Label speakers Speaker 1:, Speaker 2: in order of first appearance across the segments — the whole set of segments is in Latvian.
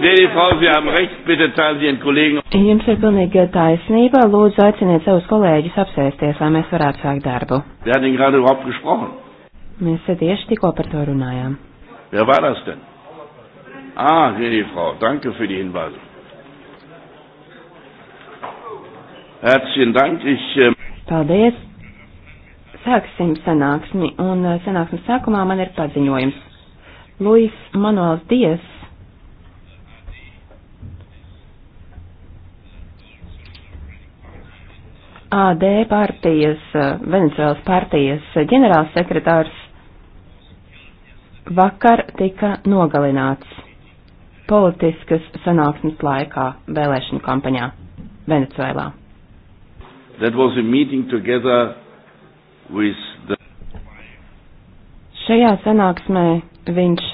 Speaker 1: Dēļ, Frau, Sie haben recht, bitte teilen Sie Ihren Kollegen.
Speaker 2: Jums ir pilnīgi taisnība, lūdzu aiciniet savus kolēģus apsēsties, lai mēs varētu sākt darbu.
Speaker 1: Wer hat denn gerade überhaupt gesprochen?
Speaker 2: Mēs tieši tikko par to runājām.
Speaker 1: Wer war das denn? Ah, gnädige Frau, danke für die Hinweise. Herzlichen Dank, ich... Ähm
Speaker 2: Paldies. Sāksim sanāksmi, un äh, sanāksmes sākumā man ir paziņojums. Luis Manuels Dies AD partijas, Venecijāls partijas ģenerālsekretārs vakar tika nogalināts politiskas sanāksmes laikā vēlēšanu kampaņā Venecijā.
Speaker 1: The...
Speaker 2: Šajā sanāksmē viņš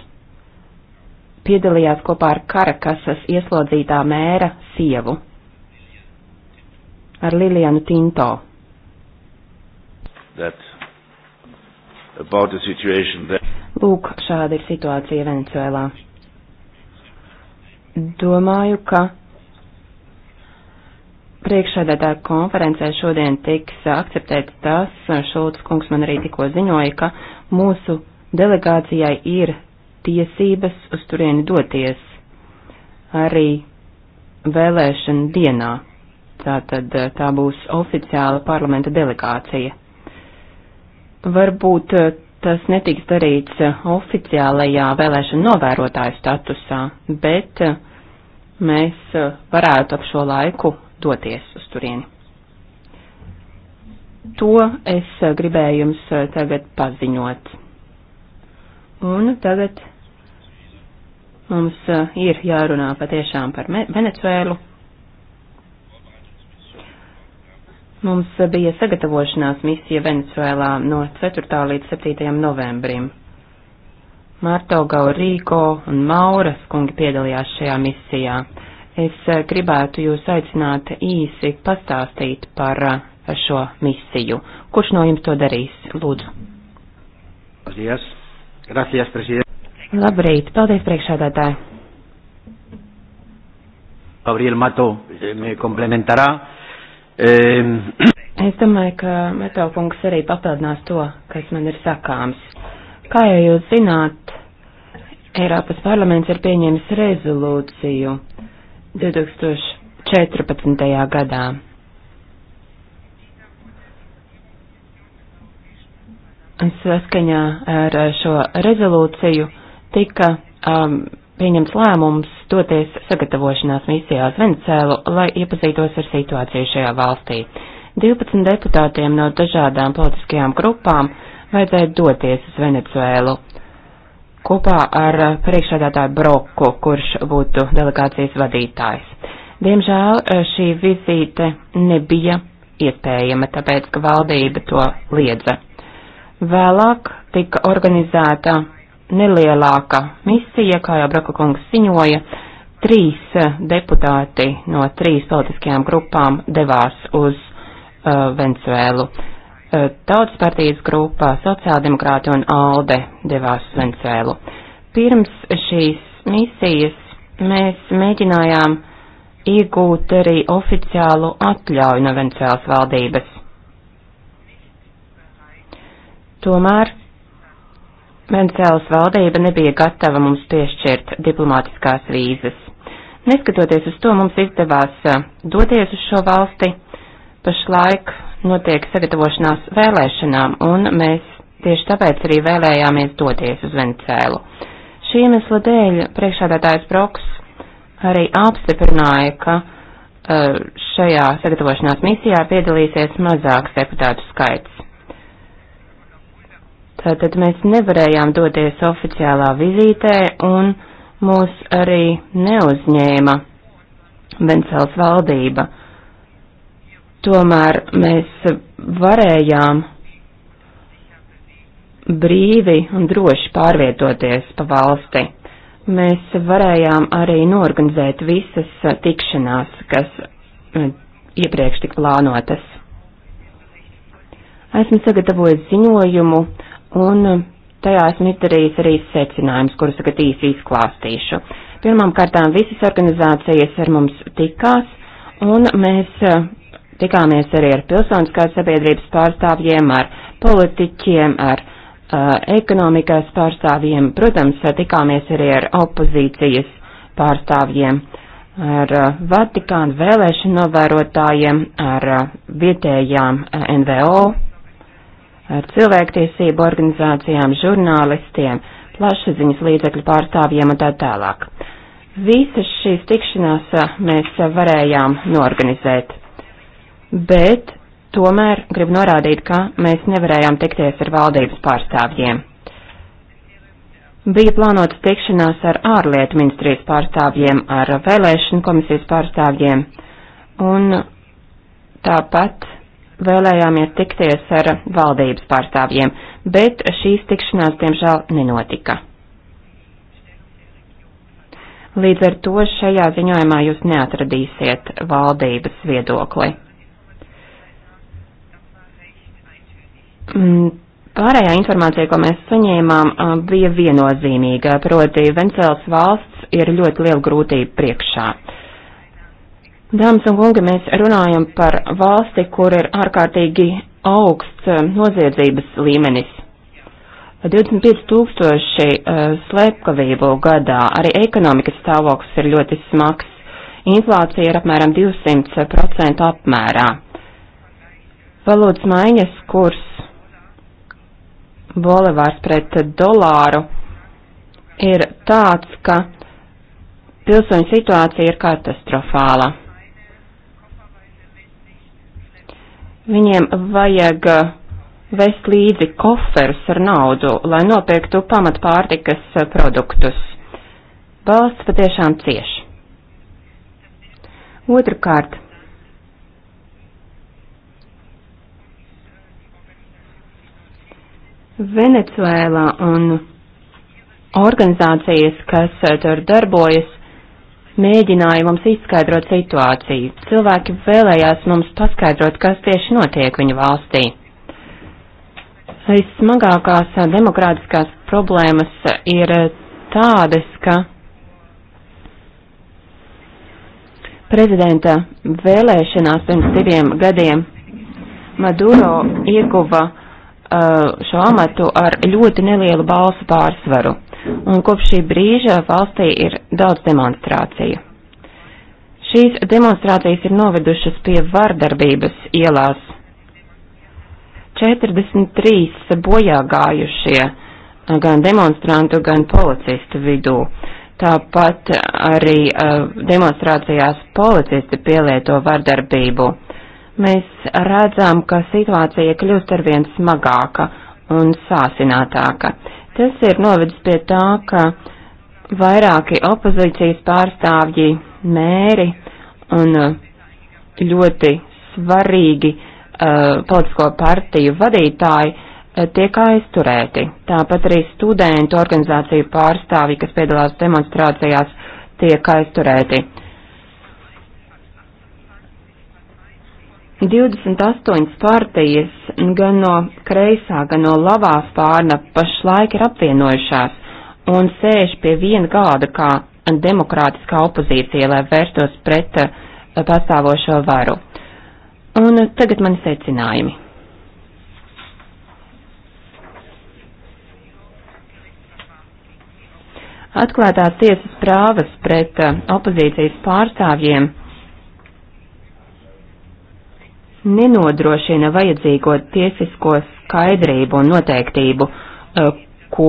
Speaker 2: piedalījās kopā ar Karakasas ieslodzītā mēra sievu, ar Lilianu Tinto. That... Lūk, šāda ir situācija Venecuēlā. Domāju, ka priekšsēdētāja konferencē šodien tiks akceptēts tas, Šulc kungs man arī tikko ziņoja, ka mūsu delegācijai ir tiesības uz turieni doties arī vēlēšana dienā. Tātad eh, tā būs oficiāla parlamenta delegācija. Varbūt eh, tas netiks darīts eh, oficiālajā vēlēšana novērotāju statusā, bet mēs varētu ap šo laiku doties uz turieni. To es gribēju jums tagad paziņot. Un tagad mums uh, ir jārunā patiešām par Venecuēlu. Mums uh, bija sagatavošanās misija Venecuēlā no 4. līdz 7. novembrim. Marto Gaurīko un Mauras kungi piedalījās šajā misijā. Es uh, gribētu jūs aicināt īsi pastāstīt par uh, šo misiju. Kurš no jums to darīs? Lūdzu.
Speaker 3: Paldies. Gracias, prezident.
Speaker 2: Labrīt, paldies priekšādātāji. Gabriel Mato eh, me komplementarā. Eh... Es domāju, ka Mato kungs arī papildinās to, kas man ir sakāms. Kā jau jūs zināt, Eiropas parlaments ir pieņēmis rezolūciju 2014. gadā saskaņā ar šo rezolūciju tika um, pieņems lēmums doties sagatavošanās misijās Venecēlu, lai iepazītos ar situāciju šajā valstī. 12 deputātiem no dažādām politiskajām grupām vajadzēja doties uz Venecuēlu kopā ar priekšādātāju Broku, kurš būtu delegācijas vadītājs. Diemžēl eh, šī vizīte nebija iespējama, tāpēc, ka valdība to liedza. Vēlāk tika organizēta nelielāka misija, kā jau Braka kungs ziņoja, trīs eh, deputāti no trīs politiskajām grupām devās uz uh, eh, Venezuelu. Uh, eh, Tautas partijas grupā sociāldemokrāti un ALDE devās uz Venezuelu. Pirms šīs misijas mēs mēģinājām iegūt arī oficiālu atļauju no Venezuelas valdības Tomēr Vencēlas valdība nebija gatava mums piešķirt diplomātiskās vīzas. Neskatoties uz to, mums izdevās eh, doties uz šo valsti. Pašlaik notiek sagatavošanās vēlēšanām, un mēs tieši tāpēc arī vēlējāmies doties uz Vencēlu. Šī iemesla dēļ priekšādātājs Broks arī apstiprināja, ka uh, šajā sagatavošanās misijā piedalīsies mazāks deputātu skaits. Tātad mēs nevarējām doties oficiālā vizītē un mūs arī neuzņēma Vencels valdība. Tomēr mēs varējām brīvi un droši pārvietoties pa valsti. Mēs varējām arī norganizēt visas tikšanās, kas eh, iepriekš tik plānotas. Esmu sagatavojis ziņojumu, un um, tajā esmu izdarījis arī secinājumus, kurus tagad īsi izklāstīšu. Pirmām kārtām visas organizācijas ar mums tikās, un mēs uh, tikāmies arī ar pilsoniskās sabiedrības pārstāvjiem, ar politiķiem, ar uh, ekonomikas pārstāvjiem, protams, uh, tikāmies arī ar opozīcijas pārstāvjiem, ar uh, Vatikānu vēlēšanu novērotājiem, ar uh, vietējām uh, NVO ar cilvēktiesību organizācijām, žurnālistiem, plašsaziņas līdzekļu pārstāvjiem un tā tālāk. Visas šīs tikšanās mēs varējām norganizēt, bet tomēr gribu norādīt, ka mēs nevarējām tikties ar valdības pārstāvjiem. Bija plānotas tikšanās ar ārlietu ministrijas pārstāvjiem, ar vēlēšanu komisijas pārstāvjiem, un tāpat vēlējāmies tikties ar valdības pārstāvjiem, bet šīs tikšanās, diemžēl, nenotika. Līdz ar to šajā ziņojumā jūs neatradīsiet valdības viedokli. Mm, pārējā informācija, ko mēs saņēmām, bija viennozīmīga, proti Vencēls valsts ir ļoti liela grūtība priekšā. Dāmas un kungi, mēs runājam par valsti, kur ir ārkārtīgi augsts eh, noziedzības līmenis. 25 tūkstoši uh, eh, slēpkavību gadā, arī ekonomikas stāvoklis ir ļoti smags. Inflācija ir apmēram 200% eh, apmērā. Valūtas maiņas kurs bolivārs pret dolāru ir tāds, ka pilsoņu situācija ir katastrofāla. Viņiem vajag uh, vest līdzi koferus ar naudu, lai nopirktu pamatpārtikas uh, produktus. Valsts patiešām cieš. Otrakārt, Venecuēlā un organizācijas, kas uh, tur darbojas, mēģināja mums izskaidrot situāciju. Cilvēki vēlējās mums paskaidrot, kas tieši notiek viņu valstī. Vissmagākās demokrātiskās problēmas ir tādas, ka prezidenta vēlēšanās pirms diviem gadiem Maduro ieguva uh, šo amatu ar ļoti nelielu balsu pārsvaru un kopš šī brīža valstī ir daudz demonstrāciju. Šīs demonstrācijas ir novedušas pie vardarbības ielās. 43 bojā gājušie gan demonstrantu, gan policistu vidū. Tāpat arī uh, demonstrācijās policisti pielieto vardarbību. Mēs redzam, ka situācija kļūst arvien smagāka un sāsinātāka. Tas ir novedis pie tā, ka vairāki opozīcijas pārstāvji, mēri un uh, ļoti svarīgi uh, politisko partiju vadītāji uh, tiek aizturēti. Tāpat arī studentu organizāciju pārstāvji, kas piedalās demonstrācijās, tiek aizturēti. 28 partijas gan no kreisā, gan no labā spārna pašlaik ir apvienojušās un sēž pie viena gāda kā demokrātiskā opozīcija, lai vērstos pret eh, pastāvošo varu. Un eh, tagad mani secinājumi. Atklātās tiesas prāvas pret eh, opozīcijas pārstāvjiem nenodrošina vajadzīgo tiesisko skaidrību un noteiktību, eh, ko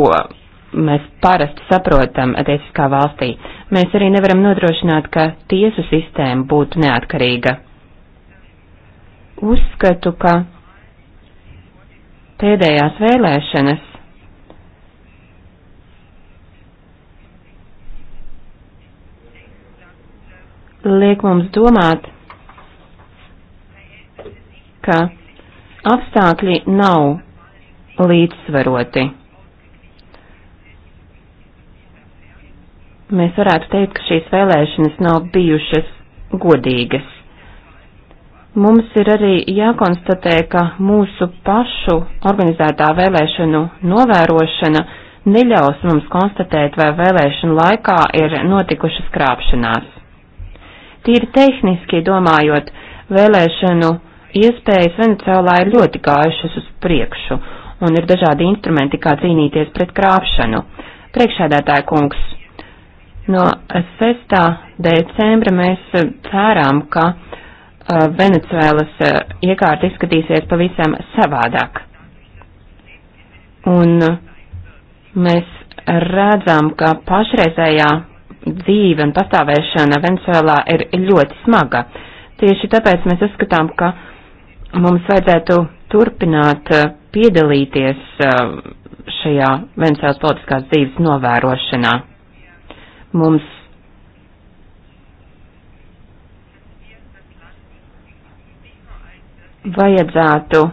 Speaker 2: mēs parasti saprotam tiesiskā valstī. Mēs arī nevaram nodrošināt, ka tiesu sistēma būtu neatkarīga. Uzskatu, ka pēdējās vēlēšanas liek mums domāt, ka apstākļi nav līdzsvaroti. Mēs varētu teikt, ka šīs vēlēšanas nav bijušas godīgas. Mums ir arī jākonstatē, ka mūsu pašu organizētā vēlēšanu novērošana neļaus mums konstatēt, vai vēlēšanu laikā ir notikušas krāpšanās. Tīri tehniski domājot, vēlēšanu iespējas Venecijolā ir ļoti gājušas uz priekšu, un ir dažādi instrumenti, kā cīnīties pret krāpšanu. Priekšādātāja kungs, no 6. decembra mēs cerām, ka uh, Venecijālas uh, iekārta izskatīsies pavisam savādāk. Un uh, mēs redzam, ka pašreizējā dzīve un pastāvēšana Venecijālā ir ļoti smaga. Tieši tāpēc mēs uzskatām, ka mums vajadzētu turpināt eh, piedalīties eh, šajā Venecijas politiskās dzīves novērošanā. Mums vajadzētu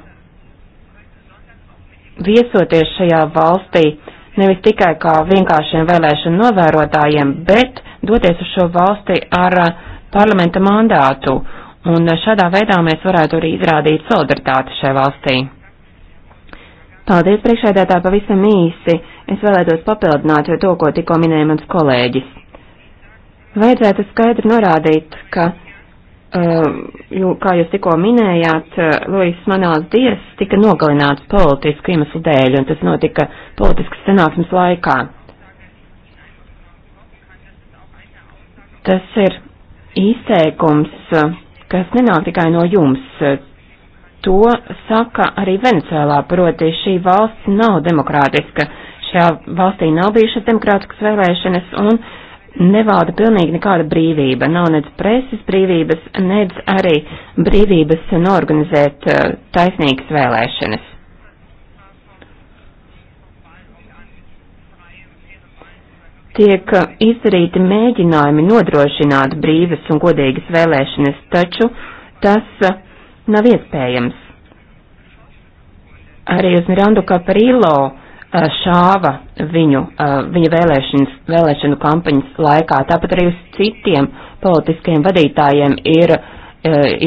Speaker 2: viesoties šajā valstī nevis tikai kā vienkāršiem vēlēšanu novērotājiem, bet doties uz šo valsti ar eh, parlamenta mandātu. Uh, Un šādā veidā mēs varētu arī izrādīt solidaritāti šai valstī. Paldies, priekšēdētā, pavisam īsi. Es vēlētos papildināt to, ko tikko minēja mans kolēģis. Vajadzētu skaidri norādīt, ka, uh, kā jūs tikko minējāt, uh, Luis Manāls Dies tika nogalināts politisku iemeslu dēļ, un tas notika politiskas sanāksmes laikā. Tas ir izteikums. Uh, kas nenāk tikai no jums. To saka arī Venecijā, proti šī valsts nav demokrātiska, šajā valstī nav bijušas demokrātiskas vēlēšanas un nevalda pilnīgi nekāda brīvība. Nav nedz preses brīvības, nedz arī brīvības norganizēt eh, taisnīgas vēlēšanas. tiek uh, izdarīti mēģinājumi nodrošināt brīvas un godīgas vēlēšanas, taču tas uh, nav iespējams. Arī uz Mirandu Kaprīlo uh, šāva viņu, viņa vēlēšanas, vēlēšanu kampaņas laikā, tāpat arī uz citiem politiskiem vadītājiem ir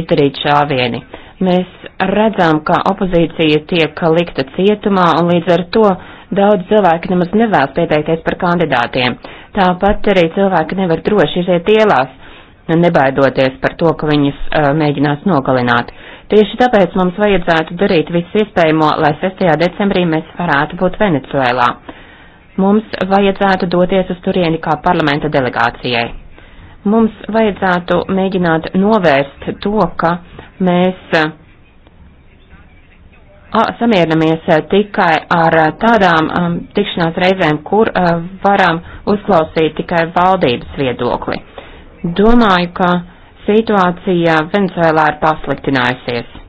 Speaker 2: izdarīt šāvieni. Mēs redzam, ka opozīcija tiek likta cietumā, un līdz ar to daudz cilvēku nemaz nevēlas pieteikties par kandidātiem. Tāpat arī cilvēki nevar droši iziet ielās, nebaidoties par to, ka viņus uh, mēģinās nogalināt. Tieši tāpēc mums vajadzētu darīt visu iespējamo, lai 6. decembrī mēs varētu būt Venecuēlā. Mums vajadzētu doties uz turieni kā parlamenta delegācijai. Mums vajadzētu mēģināt novērst to, ka mēs uh, samierinamies eh, tikai ar eh, tādām um, tikšanās reizēm, kur uh, varam uzklausīt tikai valdības viedokli. Domāju, ka situācija Venezuelā ir pasliktinājusies.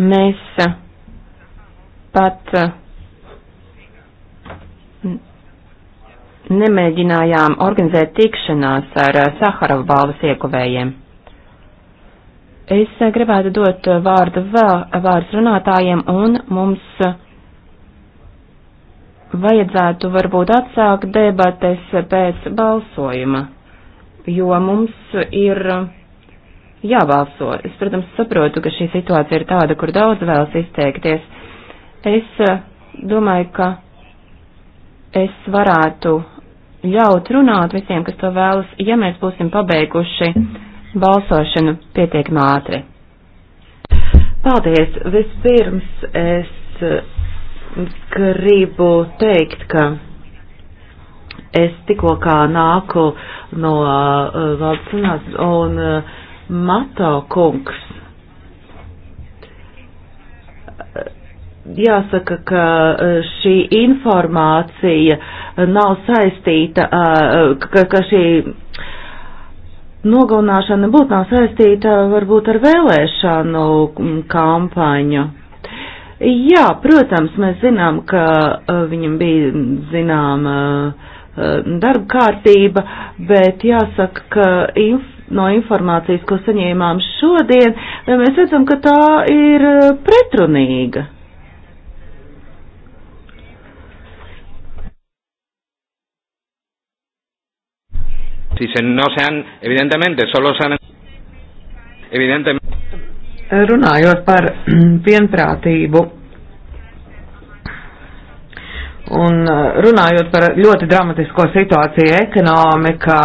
Speaker 2: Mēs pat uh, nemēģinājām organizēt tikšanās ar eh, Saharova balvas ieguvējiem. Es eh, gribētu dot eh, vārdu vēl vārds runātājiem un mums vajadzētu varbūt atsākt debates pēc balsojuma, jo mums ir jābalso. Es, protams, saprotu, ka šī situācija ir tāda, kur daudz vēlas izteikties. Es domāju, ka es varētu ļaut runāt visiem, kas to vēlas, ja mēs būsim pabeiguši balsošanu pietiekami ātri. Paldies! Vispirms es gribu teikt, ka es tikko kā nāku no uh, valsts un uh, Mato kungs Jāsaka, ka e, šī informācija nav saistīta, e, ka, ka šī nogalināšana būtu nav saistīta varbūt ar vēlēšanu kampaņu. Jā, protams, mēs zinām, ka e, viņam bija zināma darba kārtība, bet jāsaka, ka inf no informācijas, ko saņēmām šodien, mēs redzam, ka tā ir pretrunīga.
Speaker 3: Si se, no se han, evidentemente, solo se han. Evidentemente. Runājot par mm, vienprātību un uh, runājot par ļoti dramatisko situāciju ekonomikā,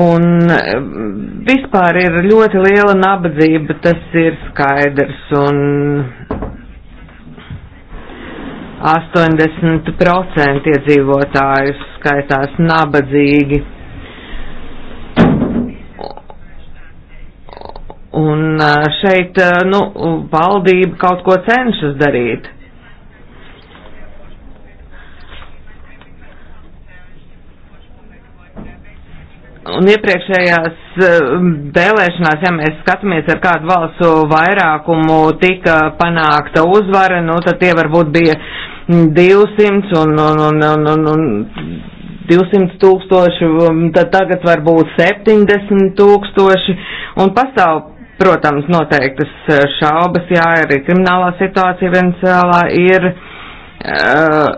Speaker 3: un mm, vispār ir ļoti liela nabadzība, tas ir skaidrs, un 80% iedzīvotāju skaitās nabadzīgi. Un šeit, nu, valdība kaut ko cenšas darīt. Un iepriekšējās vēlēšanās, ja mēs skatāmies ar kādu valstu vairākumu tika panākta uzvara, nu tad tie varbūt bija 200 un, un, un, un, un, un 200 tūkstoši, tad tagad var būt 70 tūkstoši, un pastāv, protams, noteiktas e, šaubas, jā, arī kriminālā situācija Venecijālā ir uh,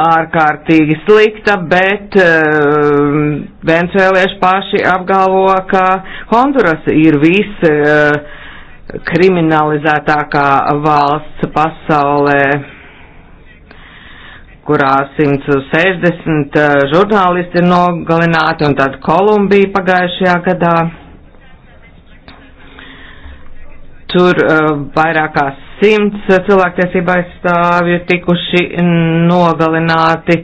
Speaker 3: ārkārtīgi slikta, bet uh, e, venecijālieši paši apgalvo, ka Honduras ir viss uh, kriminalizētākā valsts pasaulē kurā 160 eh, žurnālisti ir nogalināti, un tad Kolumbija pagājušajā gadā. Tur uh, vairāk kā simts cilvēktiesība aizstāvju tikuši nogalināti.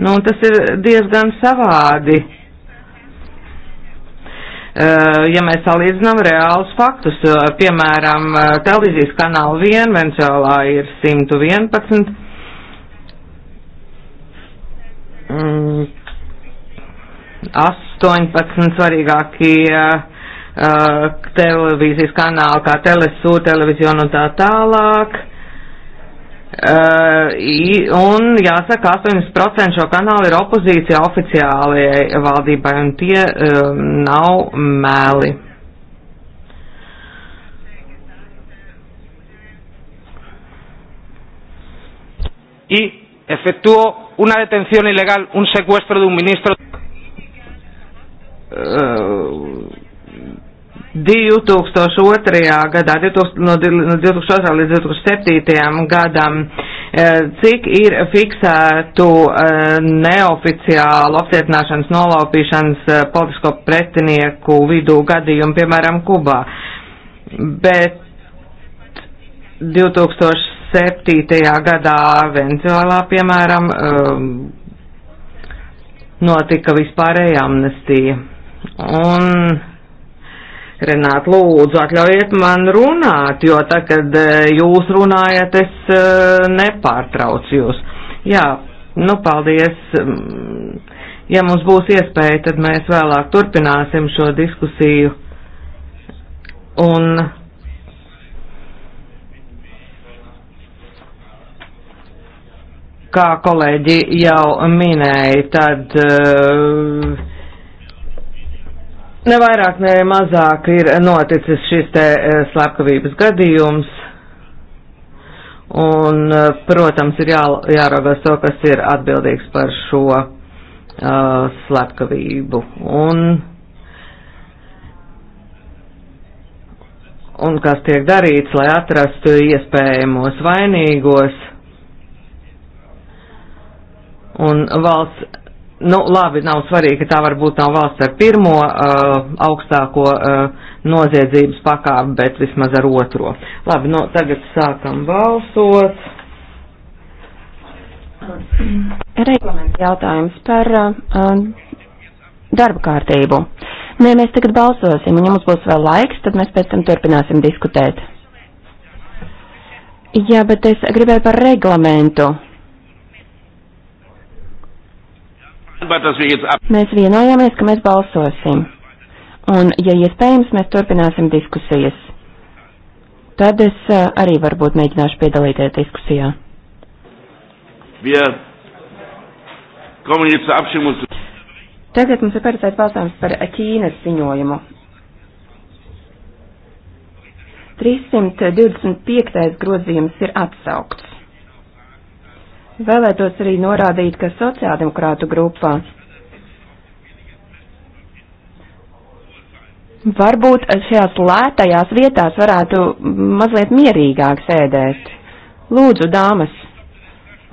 Speaker 3: Nu, tas ir diezgan savādi. Uh, ja mēs salīdzinām reālus faktus, uh, piemēram, televīzijas kanāla 1 Venecijālā ir 111 mm, 18 svarīgākie uh, televīzijas kanāli kā Telesū, televizionu un tā tālāk. Uh, un jāsaka, 80% šo kanālu ir opozīcija oficiālajai valdībai, un tie uh, nav meli. Y efectuó una detención ilegal, un secuestro de un ministro. Uh, 2002. gadā, 2000, no 2002. līdz 2007. gadam, uh, cik ir fiksētu uh, neoficiālu apcietināšanas, nolaupīšanas uh, politisko pretinieku vidū gadījumu, piemēram, Kubā. Bet 2006. 2007. gadā Venezuelā, piemēram, um, notika vispārēja amnestija. Un Renāt, lūdzu, atļaujiet man runāt, jo tā, kad eh, jūs runājat, es eh, nepārtraucu jūs. Jā, nu, paldies. Ja mums būs iespēja, tad mēs vēlāk turpināsim šo diskusiju. Un Kā kolēģi jau minēja, tad eh, ne vairāk, ne mazāk ir noticis šis te eh, slepkavības gadījums. Un, eh, protams, ir jā, jāraugās to, kas ir atbildīgs par šo uh, slepkavību. Un, un kas tiek darīts, lai atrastu iespējamos vainīgos. Un valsts, nu labi, nav svarīgi, ka tā varbūt nav valsts ar pirmo uh, augstāko uh, noziedzības pakāpi, bet vismaz ar otro. Labi, no, nu, tagad sākam balsot.
Speaker 2: Reglaments jautājums par uh, darba kārtību. Nē, mēs tagad balsosim, un ja mums būs vēl laiks, tad mēs pēc tam turpināsim diskutēt. Jā, bet es gribēju par reglamentu.
Speaker 1: Mēs
Speaker 2: vienojāmies, ka mēs balsosim. Un, ja iespējams, mēs turpināsim diskusijas. Tad es arī varbūt mēģināšu piedalīties diskusijā. Tagad mums ir paredzēts balsojums par Ķīnas ziņojumu. 325. grozījums ir atsaukts. Vēlētos arī norādīt, ka sociāldemokrātu grupā varbūt šajās lētajās vietās varētu mazliet mierīgāk sēdēt. Lūdzu, dāmas,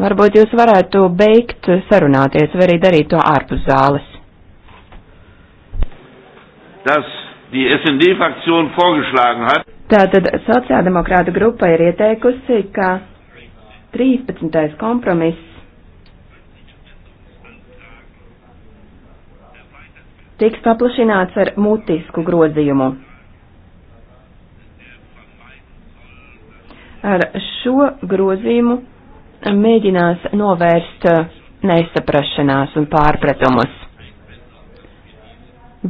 Speaker 2: varbūt jūs varētu beigt sarunāties vai arī darīt to ārpus zāles.
Speaker 1: Tas die SD-Fraktion vorgeschlagen hat.
Speaker 2: Tātad sociāldemokrāta grupa ir ieteikusi, ka 13. kompromiss tiks paplašināts ar mutisku grozījumu. Ar šo grozījumu mēģinās novērst uh, nesaprašanās un pārpratumus.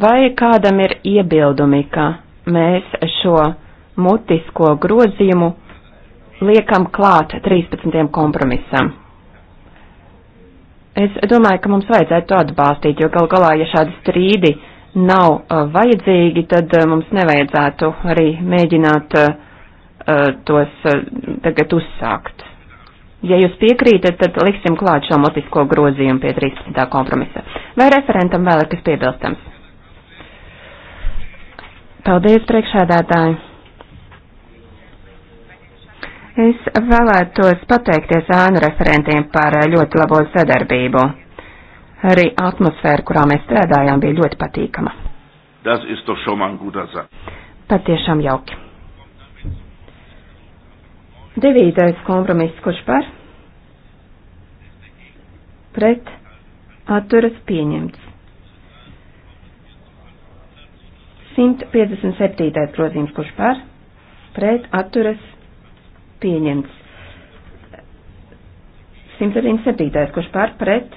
Speaker 2: Vai kādam ir iebildumi, ka mēs šo mutisko grozījumu liekam klāt 13. kompromisam. Es domāju, ka mums vajadzētu to atbalstīt, jo gal galā, ja šādi strīdi nav uh, vajadzīgi, tad uh, mums nevajadzētu arī mēģināt uh, uh tos uh, tagad uzsākt. Ja jūs piekrītat, tad liksim klāt šo motisko grozījumu pie 13. kompromisa. Vai referentam vēl ir kas piebilstams? Paldies, priekšādātāji! Es vēlētos pateikties ēnu referentiem par ļoti labo sadarbību. Arī atmosfēra, kurā mēs strādājām, bija ļoti patīkama.
Speaker 1: Tas ir to šomā gudrā zāle.
Speaker 2: Patiešām jauki. Devītais kompromiss, kurš par? Pret atturas pieņemts. 157. grozījums, kurš par? Pret atturas pieņemts pieņemts. 177. kurš par pret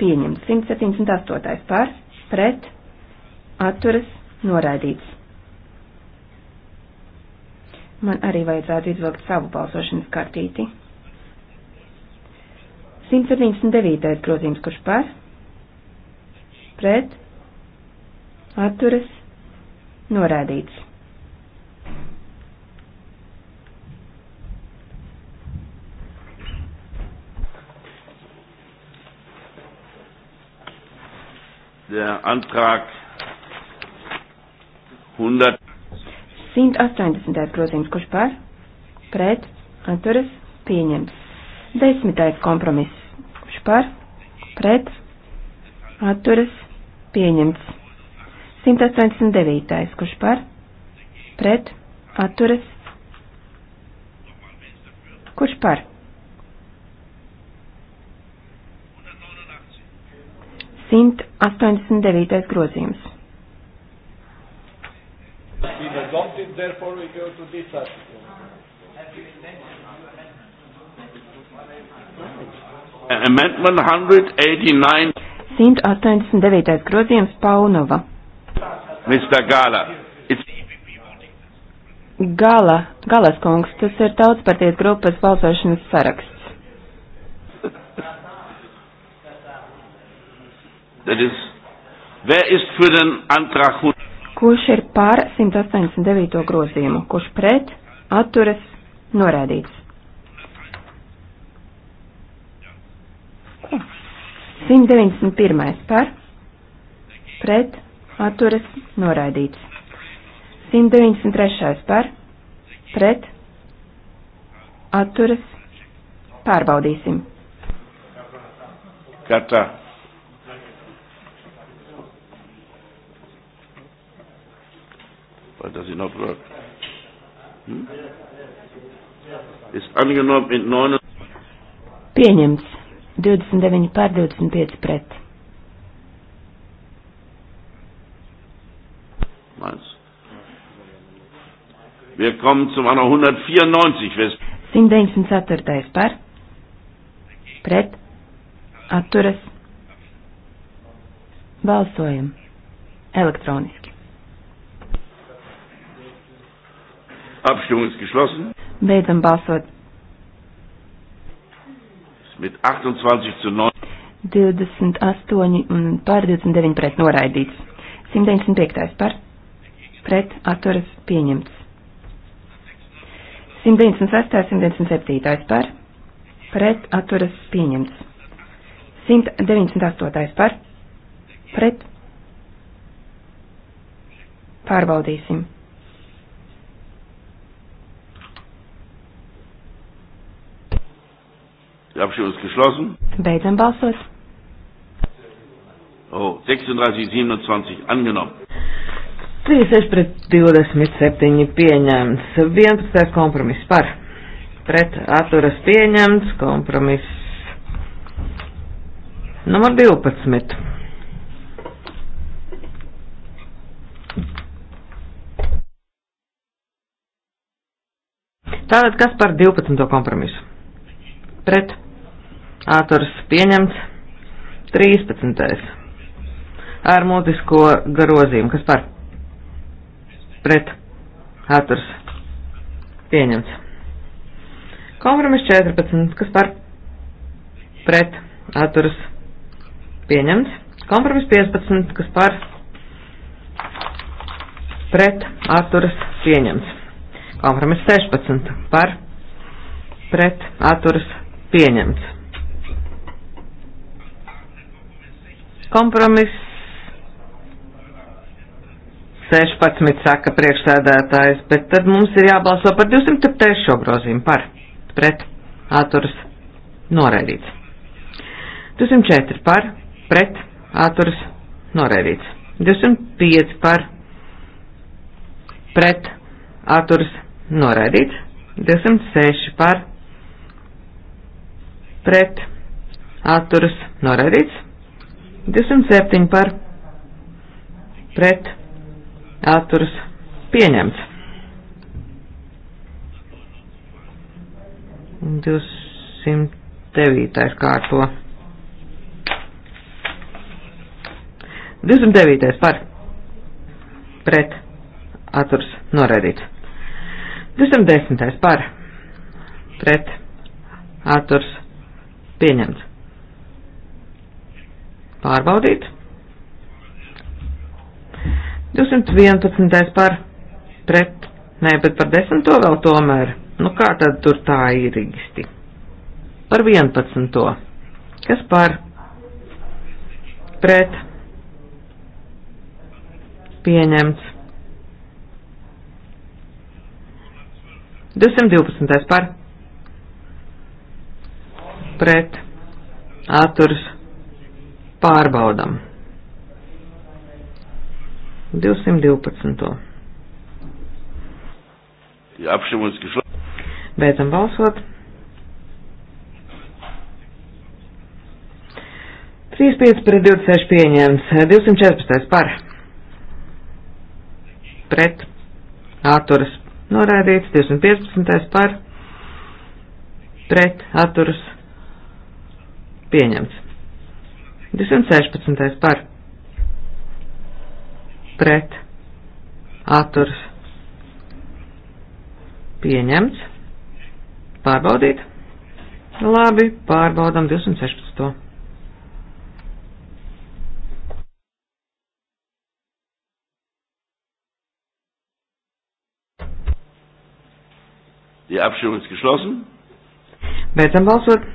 Speaker 2: pieņemts. 178. par pret atturas noraidīts. Man arī vajadzētu izvilkt savu balsošanas kartīti. 179. grozījums, kurš par, pret, atturas, norādīts.
Speaker 1: der Antrag 100.
Speaker 2: 180. grozījums, kurš par, pret, atturas, pieņems. Desmitais kompromiss, kurš par, pret, atturas, pieņems. 189. kurš par, pret, atturas, kurš par, 189. grozījums.
Speaker 1: Adopted, therefore we go to this article. Amendment 189.
Speaker 2: 189. grozījums Paunova.
Speaker 1: Mr. Gala. It's...
Speaker 2: Gala, Galas kungs, tas ir tautspartijas grupas balsošanas saraksts.
Speaker 1: That is, wer ist für den Antrag 100?
Speaker 2: Kurš ir par 189. grozījumu? Kurš pret? Atturas norādīts. 191. par pret atturas norādīts. 193. par pret atturas pārbaudīsim.
Speaker 1: Katā. Why does it not work? Hm? Ist angenommen mit 9.
Speaker 2: Pieņemts. 29 pār 25 pret.
Speaker 1: Meins. Wir kommen zu einer 194 fest.
Speaker 2: 194. par. Pret. Atturas. Balsojam. Elektroniski.
Speaker 1: Abstimmung ist geschlossen.
Speaker 2: Beidzam balsot.
Speaker 1: Mit 28 zu 9.
Speaker 2: 28 un pār 29 pret noraidīts. 195 par pret atturas pieņemts. 196, 197 par pret atturas pieņemts. 198 par pret pārbaudīsim.
Speaker 1: Die Abstimmung ist geschlossen. Beidzam balsot. Oh, 36, 27 angenommen.
Speaker 3: 36 pret 27 pieņemts, 11. kompromiss par, pret atturas pieņemts, kompromiss numur 12. Tātad kas par 12. kompromisu? pret ātors pieņemts 13. ar mutisko garozījumu, kas par pret ātors pieņemts. Kompromis 14, kas par pret ātors pieņemts. Kompromis 15, kas par pret ātors pieņemts. Kompromis 16 par pret ātors pieņemts pieņemts. Kompromiss 16 saka priekšsēdētājs, bet tad mums ir jābalso par 203. grozījumu par pret āturas noraidīts. 204 par pret āturas noraidīts. 205 par pret āturas noraidīts. 206 par pret atturas noraidīts, 207 par pret atturas pieņemts. 209. kārto. 209. par pret atturs noraidīts. 210. par pret atturs Pieņemts. Pārbaudīt. 211. par pret. Nē, bet par 10. vēl tomēr. Nu kā tad tur tā ir īsti? Par 11. Kas par? Pret. Pieņemts. 212. par pret atturs pārbaudam. 212. Beidzam balsot. 35 pret 26 pieņemts, 214 par, pret, atturas norādīts, 215 par, pret, atturas Pieņemts. 216. par. Pret. Atturs. Pieņemts. Pārbaudīt. Labi, pārbaudam 216.
Speaker 1: Die Abstimmung ist geschlossen.
Speaker 3: Beidzam balsot.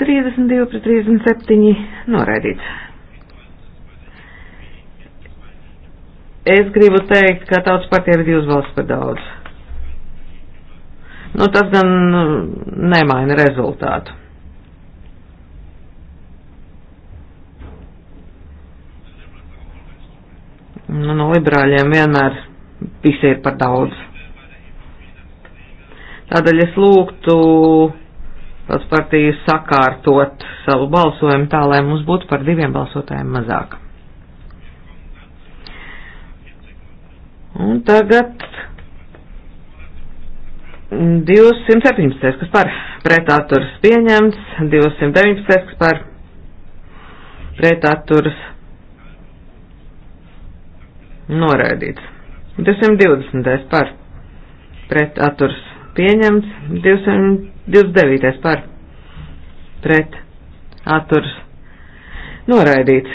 Speaker 3: 32 pret 37 noraidīts. Es gribu teikt, ka tautas partija ir divas balsts par daudz. Nu, tas gan nu, nemaina rezultātu. Nu, no liberāļiem vienmēr visi ir par daudz. Tādēļ es lūgtu tautas partijas sakārtot savu balsojumu tā, lai mums būtu par diviem balsotājiem mazāk. Un tagad 217, kas par pretāturas pieņemts, 219, kas par pretāturas noraidīts, 220 par pretāturas pieņemts, 200. 29. par pret atturs noraidīts.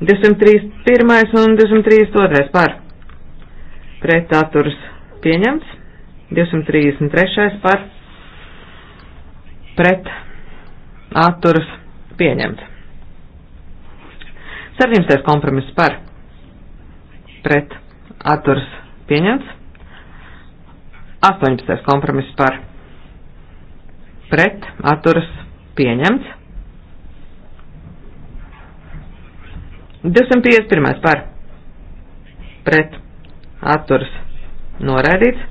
Speaker 3: 231. un 232. par pret atturs pieņemts. 233. par pret atturs pieņemts. 17. kompromiss par pret atturs pieņemts. 18. kompromiss par pret atturas pieņemts. 251. par pret atturas noraidīts.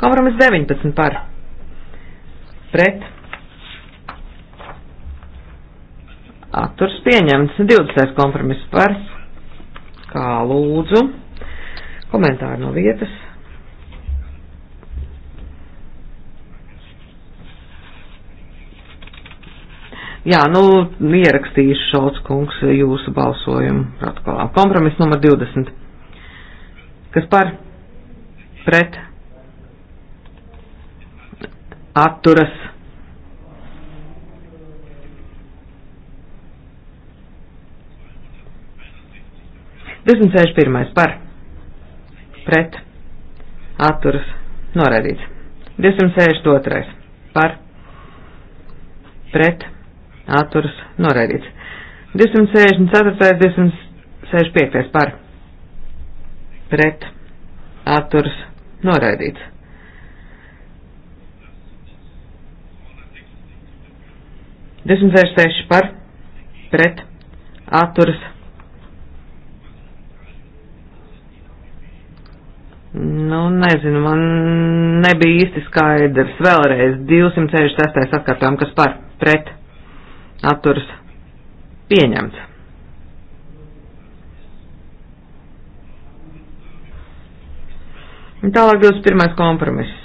Speaker 3: Kompromiss 19 par pret atturas pieņemts. 20. kompromiss par kā lūdzu. Komentāri no vietas. Jā, nu, ierakstīšu šauts kungs jūsu balsojumu protokolā. Kompromis numur 20. Kas par? Pret? Atturas? Desmit sēž pirmais par? Pret? Atturas? Noraidīts. Desmit sēž otrais par? Pret? atturas noraidīts. 264. 265. par pret atturas noraidīts. Desmit seši seši par pret atturas Nu, nezinu, man nebija īsti skaidrs. Vēlreiz 268. atkārtojam, kas par pret atturs pieņemts. Un tālāk 21. kompromiss.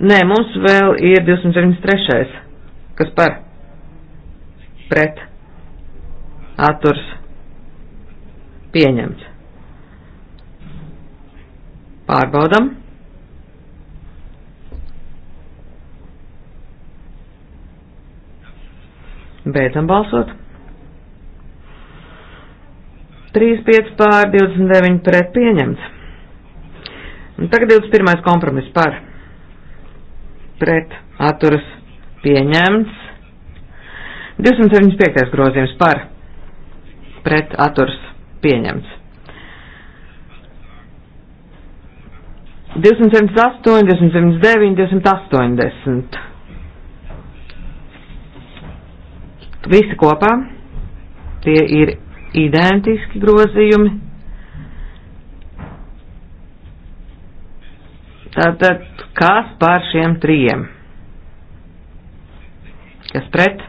Speaker 3: Nē, mums vēl ir 273. kas par pret atturs pieņemts. Pārbaudam. Beidzam balsot. 35 pār 29 pret pieņemts. Un tagad 21. kompromiss par pret atturas pieņemts. 275. grozījums par pret atturas pieņemts. 278, 279, 280. Visi kopā tie ir identiski grozījumi. Tātad, kas pār šiem trījiem? Kas pret?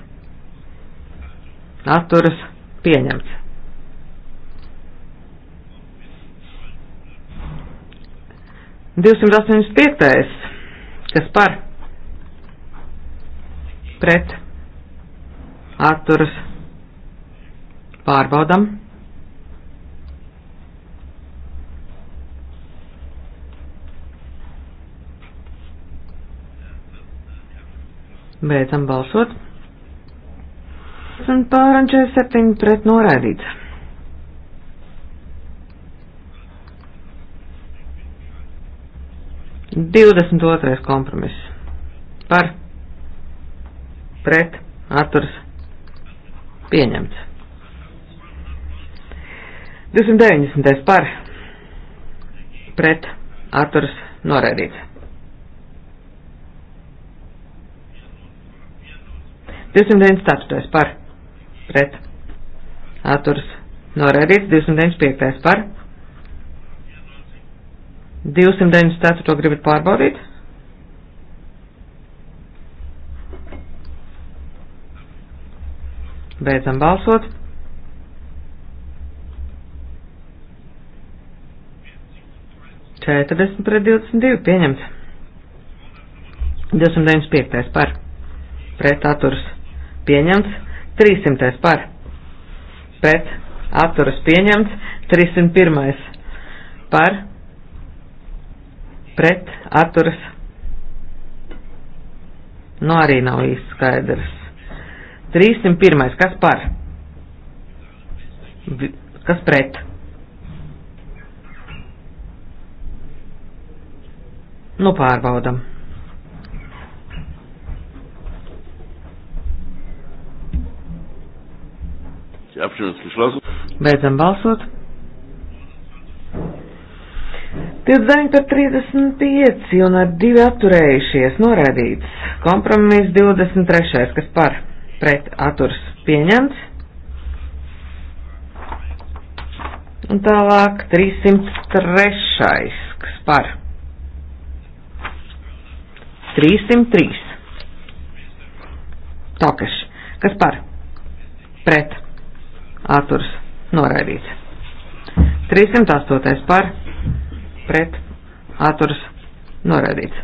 Speaker 3: Atturas pieņemts. 285. Kas par? Pret. Atturas. Pārbaudam. Beidzam balsot. Un pārančē 7 pret noraidīts. 22. kompromiss par pret atturs pieņemts. 290. par pret atturs noraidīts. 294. par pret atturs noraidīts. 295. par pret 294. gribat pārbaudīt? Beidzam balsot. Četrdesmit pret divdesmit divi pieņemts. 295. par. Pret atturas pieņemts. 300. par. Pret atturas pieņemts. 301. par pret atturas nu arī nav īsti skaidrs. 301. Kas par? Kas pret? Nu pārbaudam. Beidzam balsot. 29 par 35 un ar divi atturējušies noraidīts. Kompromiss 23, kas par pret atturs pieņemts. Un tālāk 303, kas par 303. Tokaš, kas par pret atturs noraidīts. 308 par pret atturas norādīts.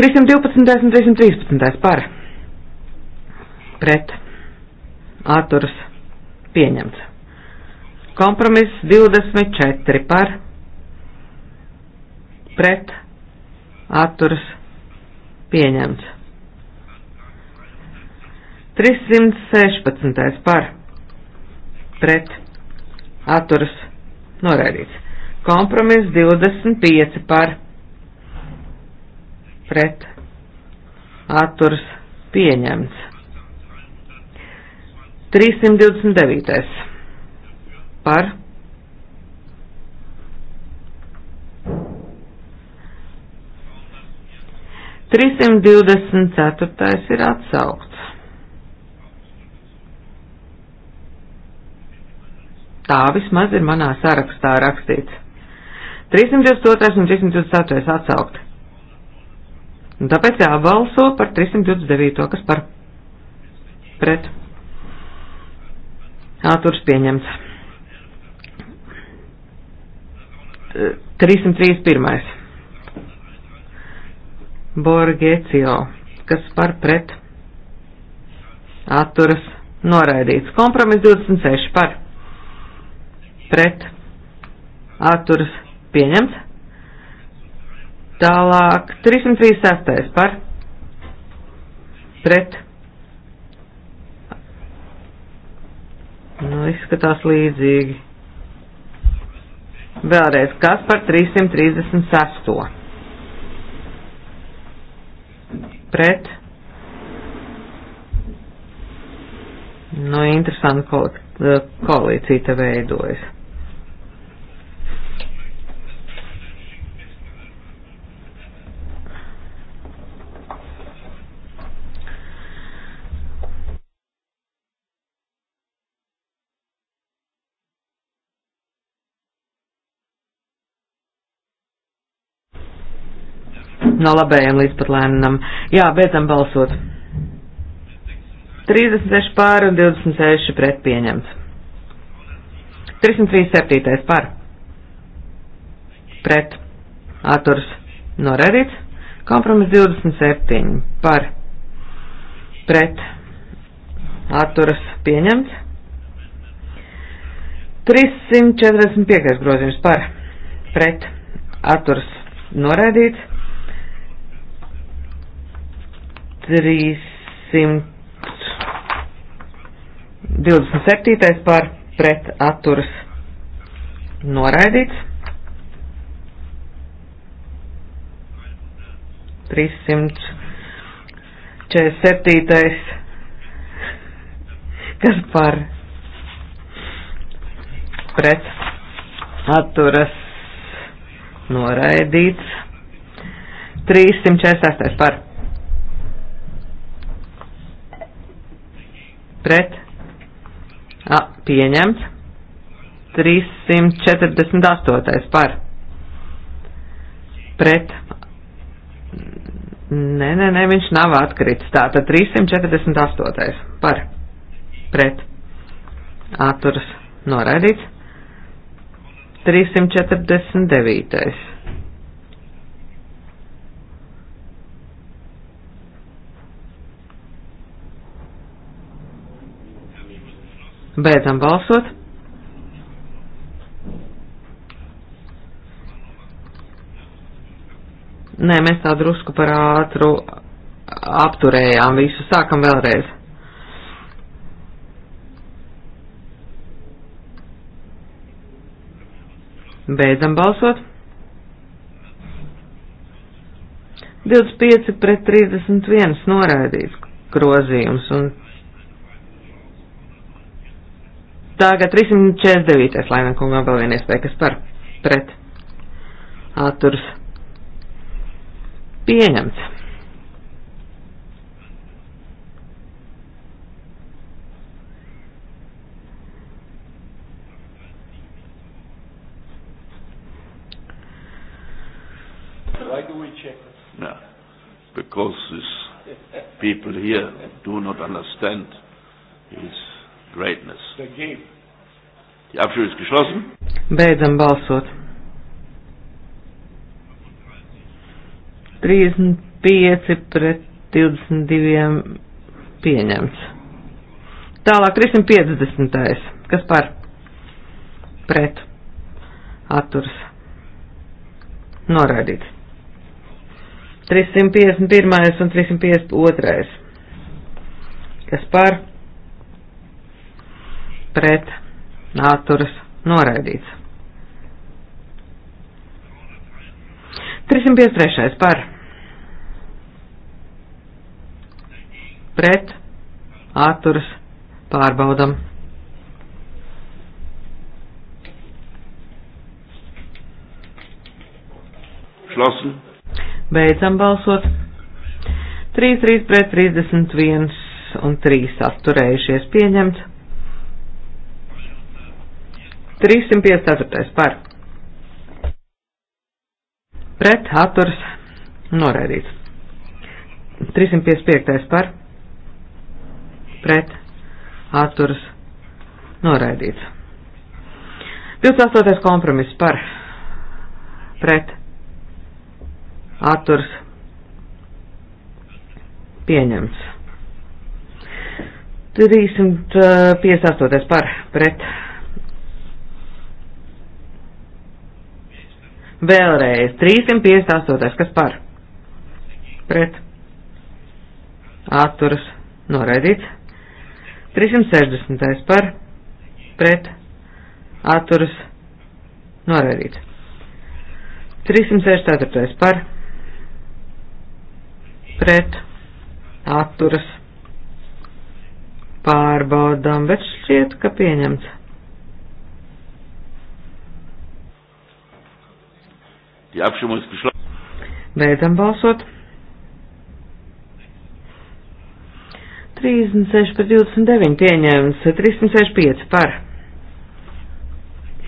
Speaker 3: 312. un 313. par pret atturas pieņemts. Kompromiss 24 par pret atturas pieņemts. 316. par pret atturas noraidīts. Kompromiss 25 par pret atturs pieņemts. 329. par Trīsimt divdesmit ceturtais ir atsaukts. Tā vismaz ir manā sarakstā rakstīts. 322 un 324 atsaukt. Un tāpēc jābalso par 329, kas par pret. Āturs pieņemts. 331. Borgecio, kas par pret. Atturas noraidīts. Kompromiss 26 par pret. Atturas Pieņemts. Tālāk 336. par pret. Nu, izskatās līdzīgi. Vēlreiz, kas par 336. Pret. Nu, interesanti koalīcija te veidojas. no labējiem līdz pat lēnam. Jā, beidzam balsot. 36 pār un 26 pret pieņemts. 337 par. Pret. Atturs norēdīts. Kompromis 27 par. Pret. Atturs pieņemts. 345 grozījums par. Pret. Atturs norēdīts. 327. par pret atturas noraidīts. 347. kas par pret atturas noraidīts. 348. par pret a, pieņemts 348. par pret nē, nē, nē, viņš nav atkrits tātad 348. par pret atturas noraidīts 349. Beidzam balsot. Nē, mēs tā drusku par ātru apturējām visu. Sākam vēlreiz. Beidzam balsot. 25 pret 31 noraidīts grozījums un Tagad 349. Lainankungam vēl viena iespēja, kas par pret atturs pieņemts.
Speaker 1: Why do we check? No, because these people here do not understand. It's greatness. Dagegen. Die Abstimmung ist geschlossen.
Speaker 3: Beidzam balsot. 35 pret 22 pieņemts. Tālāk 350. Kas par? Pret. Atturs. Noraidīts. 351. un 352. Kas par? pret atturas noraidīts. 353. par pret atturas pārbaudam. Schlossen. Beidzam balsot. 3, 3 pret 31 un 3 atturējušies pieņemt. 354. par. Pret atturs noraidīts. 355. par. Pret atturs noraidīts. 28. kompromiss par. Pret atturs pieņemts. 358. par. Pret Vēlreiz 358. kas par? Pret. Atturas. Noraidīts. 360. par. Pret. Atturas. Noraidīts. 364. par. Pret. Atturas. Pārbaudām, bet šķiet, ka pieņemts.
Speaker 1: Die Abstimmung ist geschlossen.
Speaker 3: Beidzam balsot. 36 par 29 pieņēmums, 365 par,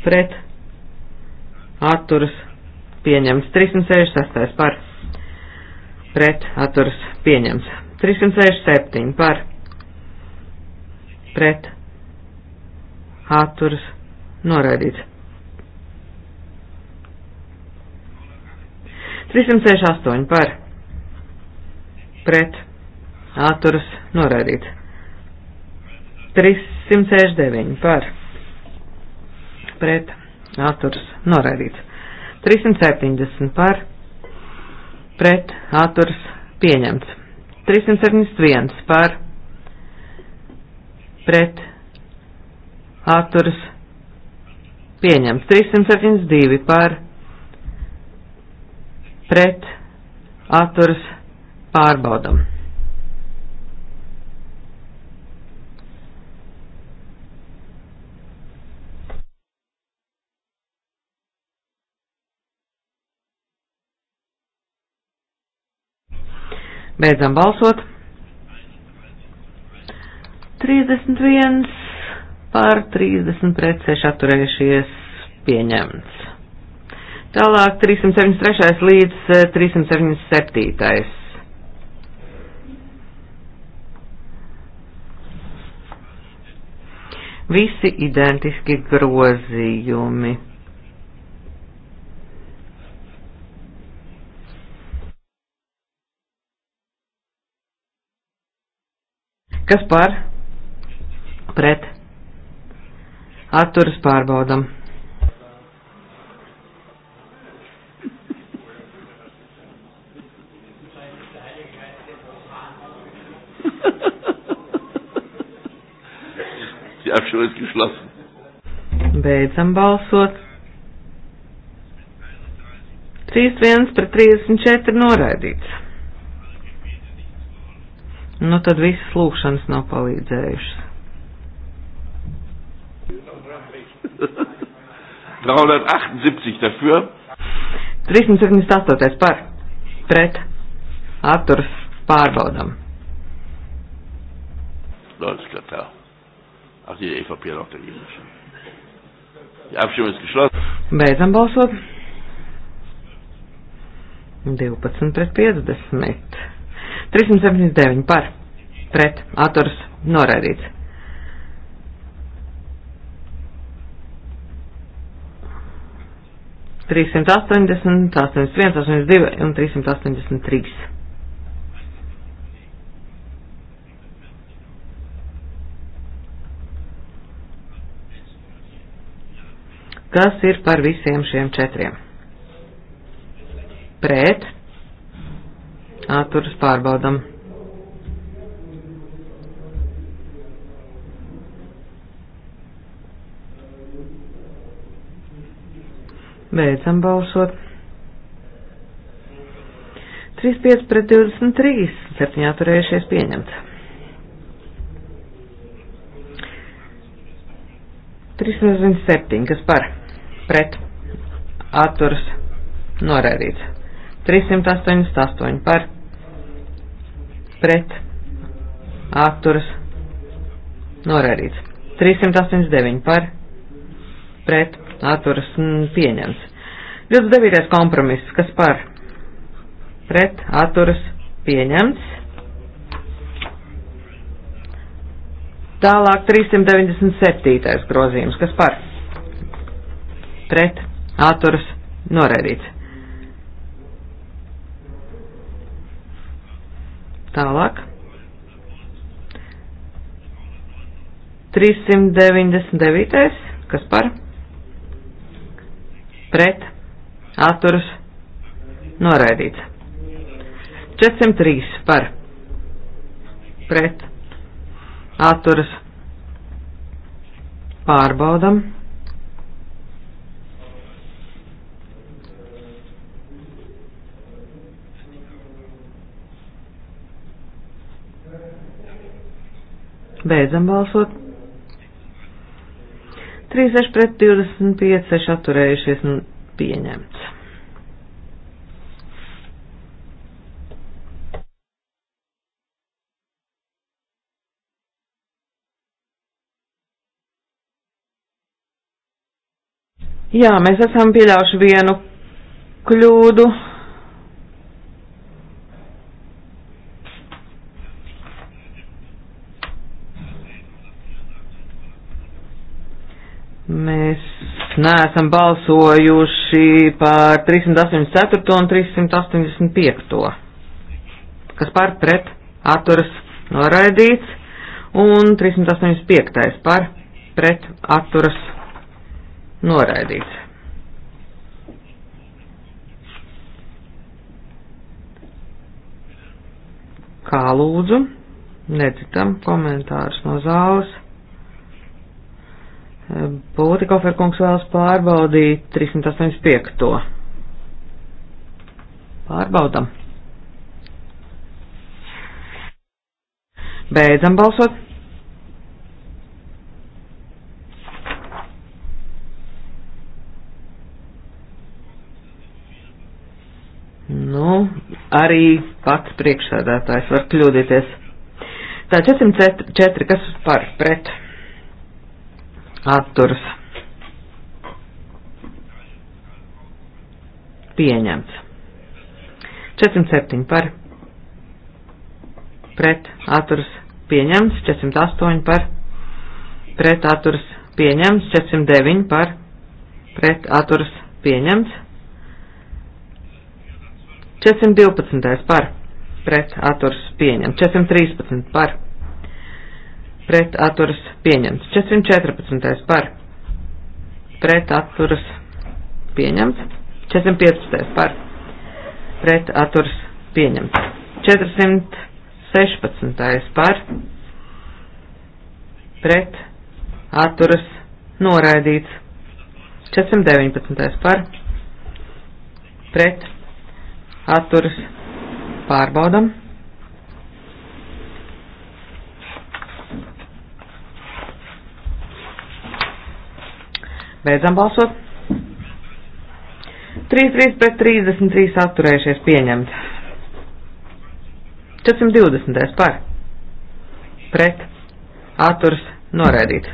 Speaker 3: pret, atturas, pieņems, 368 par, pret, atturas, pieņems, 367 par, pret, atturas, noraidīts. 368 par pret atturas noraidīts. 369 par pret atturas noraidīts. 370 par pret atturas pieņemts. 371 par pret atturas pieņemts. 372 par pret pret atturas pārbaudam. Beidzam balsot. 31 pār 30 pret 6 atturējušies pieņemts. Tālāk 373. līdz 377. Eh, Visi identiski grozījumi. Kas par? Pret. Atturas pārbaudam.
Speaker 1: Die Abstimmung ist geschlossen.
Speaker 3: Beidzam balsot. 31 pret 34 noraidīts. Nu tad visas lūkšanas nav palīdzējušas.
Speaker 1: 378 dafür.
Speaker 3: 378 par. Pret. Atturs pārbaudam.
Speaker 1: Lūdzu, skatā. Ach, die EVP hat auch dagegen gestimmt. Die Abstimmung ist geschlossen.
Speaker 3: Beidzam balsot. 12 pret 50. 379 par. Pret. Ators noraidīts. Trīsimt astoņdesmit, astoņdesmit viens, astoņdesmit divi un trīsimt astoņdesmit trīs. Kas ir par visiem šiem četriem? Pret. Atturas pārbaudam. Beidzam balsot. 35 pret 23, 7 atturējušies pieņemts. 307, kas par? pret atturas norādīts. 388 par pret atturas norādīts. 389 par pret atturas pieņemts. 29. kompromiss, kas par pret atturas pieņemts. Tālāk 397. grozījums, kas par pret atturas noraidīts. Tālāk. 399. kas par? Pret atturas noraidīts. 403 par pret atturas pārbaudam. Beidzam balsot. 36 pret 25, 6 atturējušies, nu, pieņemts. Jā, mēs esam pieļauši vienu kļūdu. Mēs neesam balsojuši par 384 un 385, kas par pret atturas noraidīts, un 385 par pret atturas noraidīts. Kā lūdzu, nedzirdam komentārus no zāles. Būtikoferkungs vēlas pārbaudīt 385. To. Pārbaudam. Beidzam balsot. Nu, arī pats priekšsēdētājs var kļūdīties. Tā 404, kas par pret? atturas pieņemts. 407 par pret atturas pieņemts, 408 par pret atturas pieņemts, 409 par pret atturas pieņemts, 412 par pret atturas pieņemts, 413 par pret pret atturas pieņemts. 414. par pret atturas pieņemts. 415. par pret atturas pieņemts. 416. par pret atturas noraidīts. 419. par pret atturas pārbaudam. Beidzam balsot. 33 pret 33 atturējušies pieņemt. 420 par. Pret. Atturs noraidīts.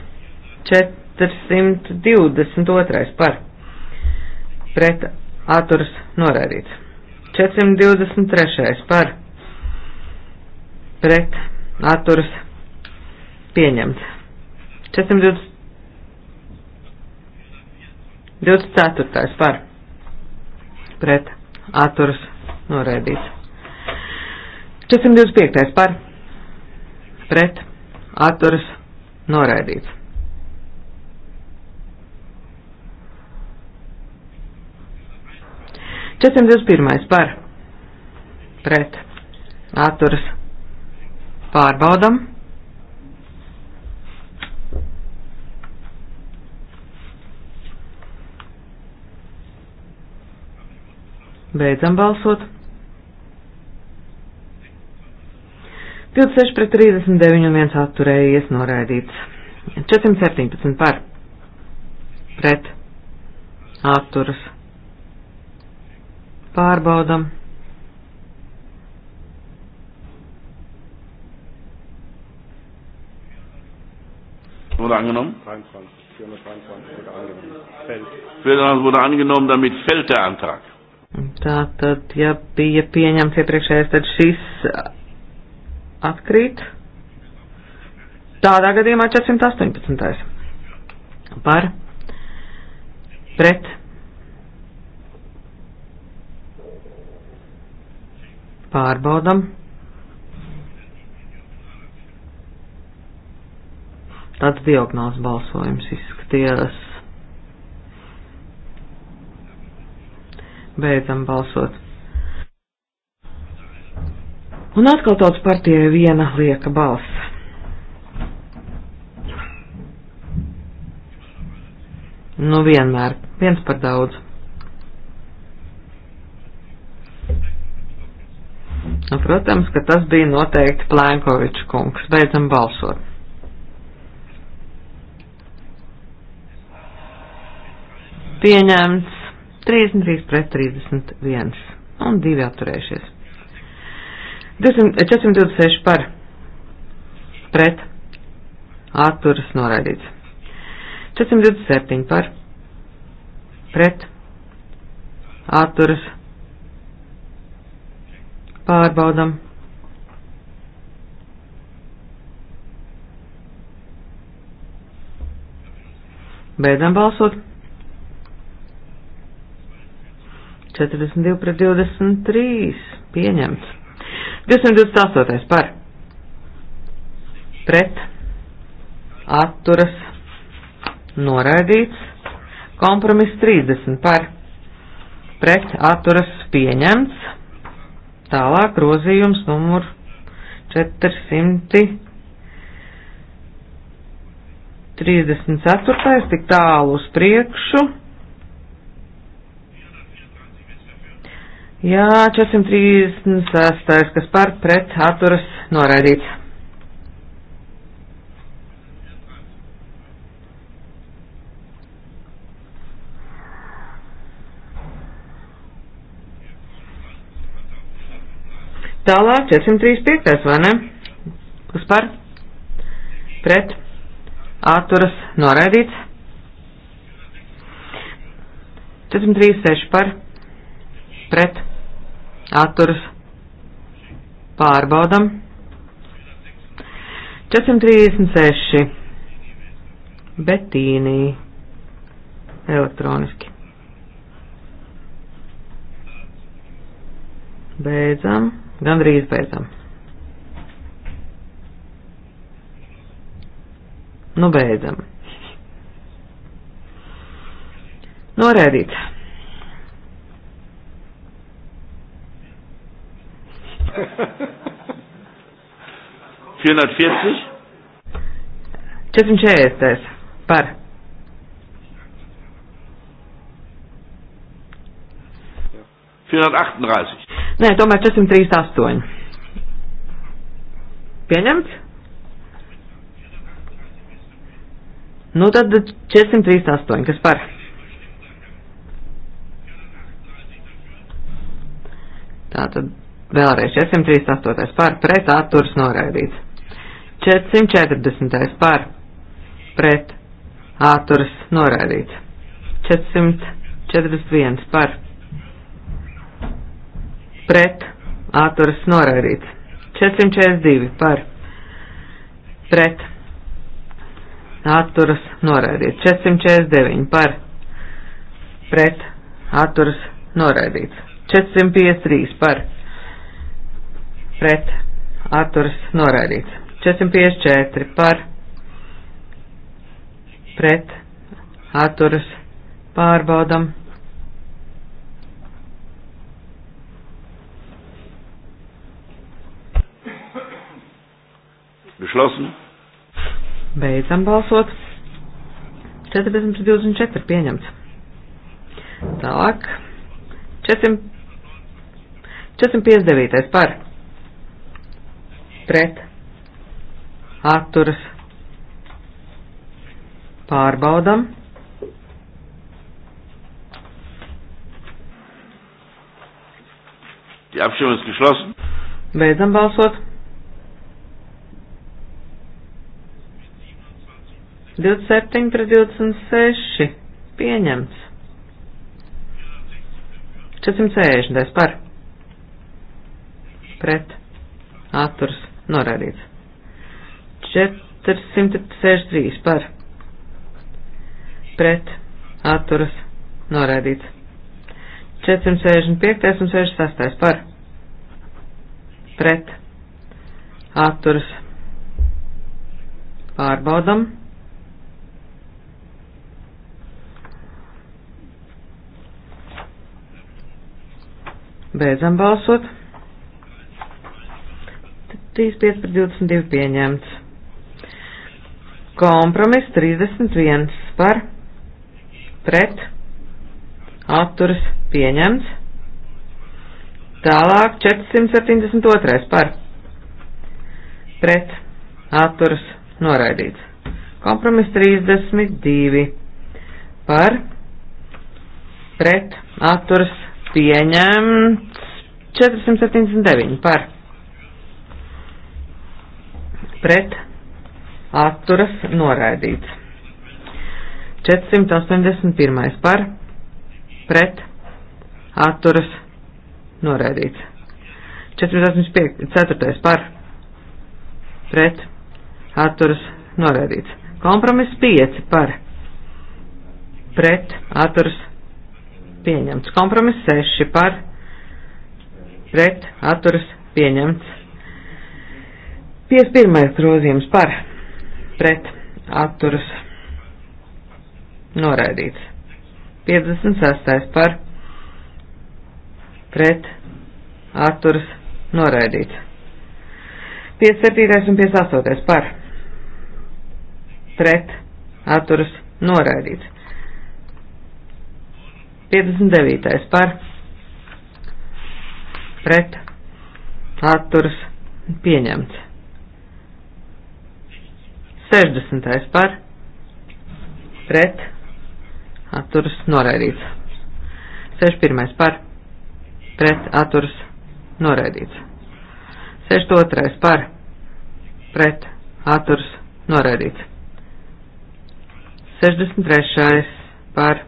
Speaker 3: 422 par. Pret. Atturs noraidīts. 423 par. Pret. Atturs pieņemts. 420. 24. par pret atturas noraidīts. 425. par pret atturas noraidīts. Četrdesmit divas pirmais par pret atturas pārbaudam. Beidzam balsot. 26 pret 39 un viens atturējies noraidīts. 417 par. Pret. Atturas. Pārbaudam.
Speaker 1: Wurde angenommen? 23, 423 wurde angenommen. Feld. Wurde angenommen, damit fällt der Antrag.
Speaker 3: Tā tad, ja bija pieņemts iepriekšējais, tad šis atkrīt. Tādā gadījumā 418. Par pret pārbaudam. Tāds diagnozes balsojums izskatījās Beidzam balsot. Un atkal tautas partijai viena lieka balss. Nu vienmēr, viens par daudz. Nu, protams, ka tas bija noteikti Plēnkoviča kungs. Beidzam balsot. Pieņemts 33 pret 31 un 2 atturējušies. 426 eh, par pret atturas noraidīts. 427 par pret atturas pārbaudam. Beidzam balsot. 42 pret 23 pieņemts. 228. par pret atturas noraidīts. Kompromiss 30 par pret atturas pieņemts. Tālāk grozījums numur 434. tik tālu uz priekšu. Jā, 436, kas par pret atturas noraidīts. Tālāk 435, vai ne? Kas par? Pret. Āturas noraidīts. 436 par. Pret atturas pārbaudam. 436 Betīnī elektroniski. Beidzam, gandrīz beidzam. Nu, beidzam. Norēdīts. 440? 440. Par.
Speaker 1: Ja. 438.
Speaker 3: Nē, tomēr 438. Pieņemts? Nu tad 438, kas par? Tātad Vēlreiz 438. par pret atturas noraidīts. 440. par pret atturas noraidīts. 441 par pret atturas noraidīts. 442 par pret atturas noraidīts. 449 par pret atturas noraidīts. 453 par pret pret atturas noraidīts. 454 par pret atturas pārbaudam. Beschlossen. Beidzam balsot. 14.24 pieņemts. Tālāk. 400, 459 par pret atturas pārbaudam.
Speaker 1: Die Abstimmung ist geschlossen.
Speaker 3: Beidzam balsot. 27 pret 26. Pieņemts. 460 par. Pret. Atturs norādīts. 463 par pret atturas norādīts. 465 un 66 par pret atturas pārbaudam. Beidzam balsot. 35 par 22 pieņemts. Kompromis 31 par pret atturas pieņemts. Tālāk 472 par pret atturas noraidīts. Kompromis 32 par pret atturas pieņemts 479 par pret atturas noraidīts. 481 par pret atturas noraidīts. 484 par pret atturas noraidīts. Kompromiss 5 par pret atturas pieņemts. Kompromiss 6 par pret atturas pieņemts. 51. grozījums par pret atturas noraidīts. 56. par pret atturas noraidīts. 57. un 58. par pret atturas noraidīts. 59. par pret atturas pieņemts. 60. par pret atturas noraidīts. 61. par pret atturas noraidīts. 62. par pret atturas noraidīts. 63. par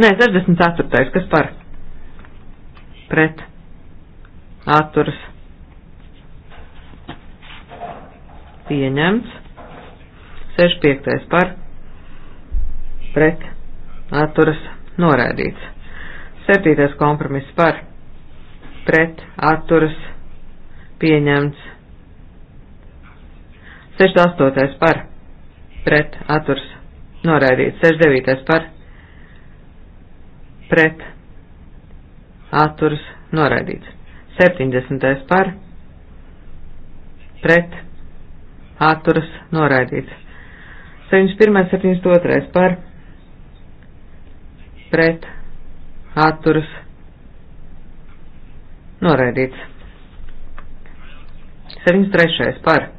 Speaker 3: Nē, 64. kas par? pret atturas pieņemts. 65. par pret atturas noraidīts. 7. kompromiss par pret atturas pieņemts. 68. par pret atturas noraidīts. 69. par pret atturas noraidīts. 70. par pret atturas noraidīts. 71. 72. par pret atturas noraidīts. 73. par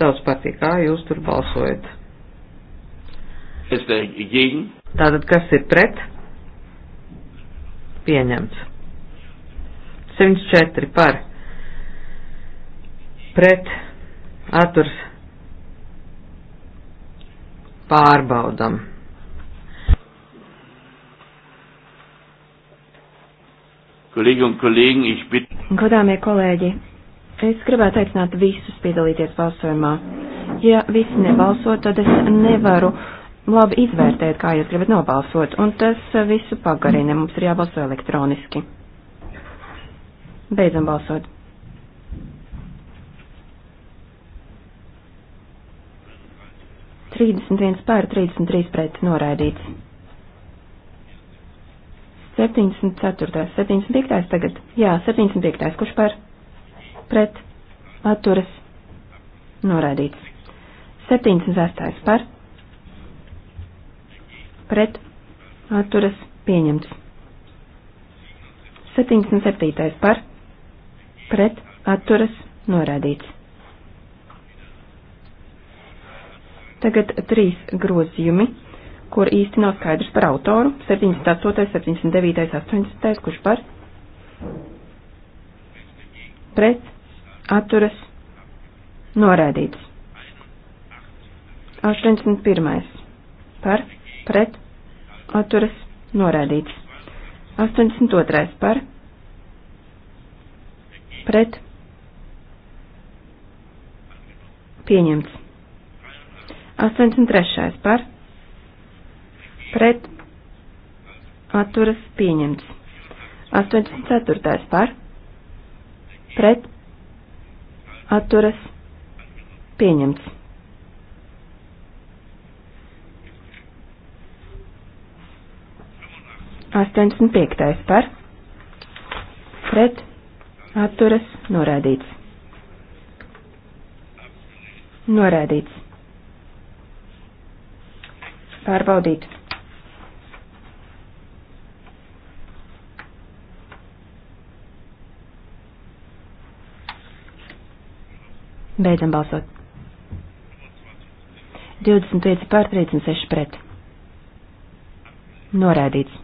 Speaker 3: Tautas partija, kā jūs tur balsojat?
Speaker 1: Ist dagegen?
Speaker 3: Er Tātad, kas ir pret? Pieņemts. 104 par. Pret. Atturs. Pārbaudam.
Speaker 1: Kolēģi un kolēģi, ich bitte.
Speaker 2: Godāmie kolēģi, es gribētu aicināt visus piedalīties balsojumā. Ja visi nebalso, tad es nevaru uh, labi izvērtēt, kā jūs gribat nobalsot, un tas eh, visu pagarina. Mums ir jābalso elektroniski. Beidzam balsot. Trīsdesmit viens pār, trīsdesmit trīs pret noraidīts. Septiņdesmit ceturtais, septiņdesmit piektais tagad. Jā, septiņdesmit piektais, kurš pār? Pret, atturas, noraidīts. Septiņdesmit sestais par pret atturas pieņemts. 77. par pret atturas norādīts. Tagad trīs grozījumi, kur īsti nav skaidrs par autoru. 78., 79., 80. kurš par pret atturas norādīts. 81. par pret atturas noraidīts. 82. par pret pieņemts. 83. par pret atturas pieņemts. 84. par pret atturas pieņemts. 85. par pret atturas norādīts. Norādīts. Pārbaudīt. Beidzam balsot. 25 pār 36 pret. Norādīts.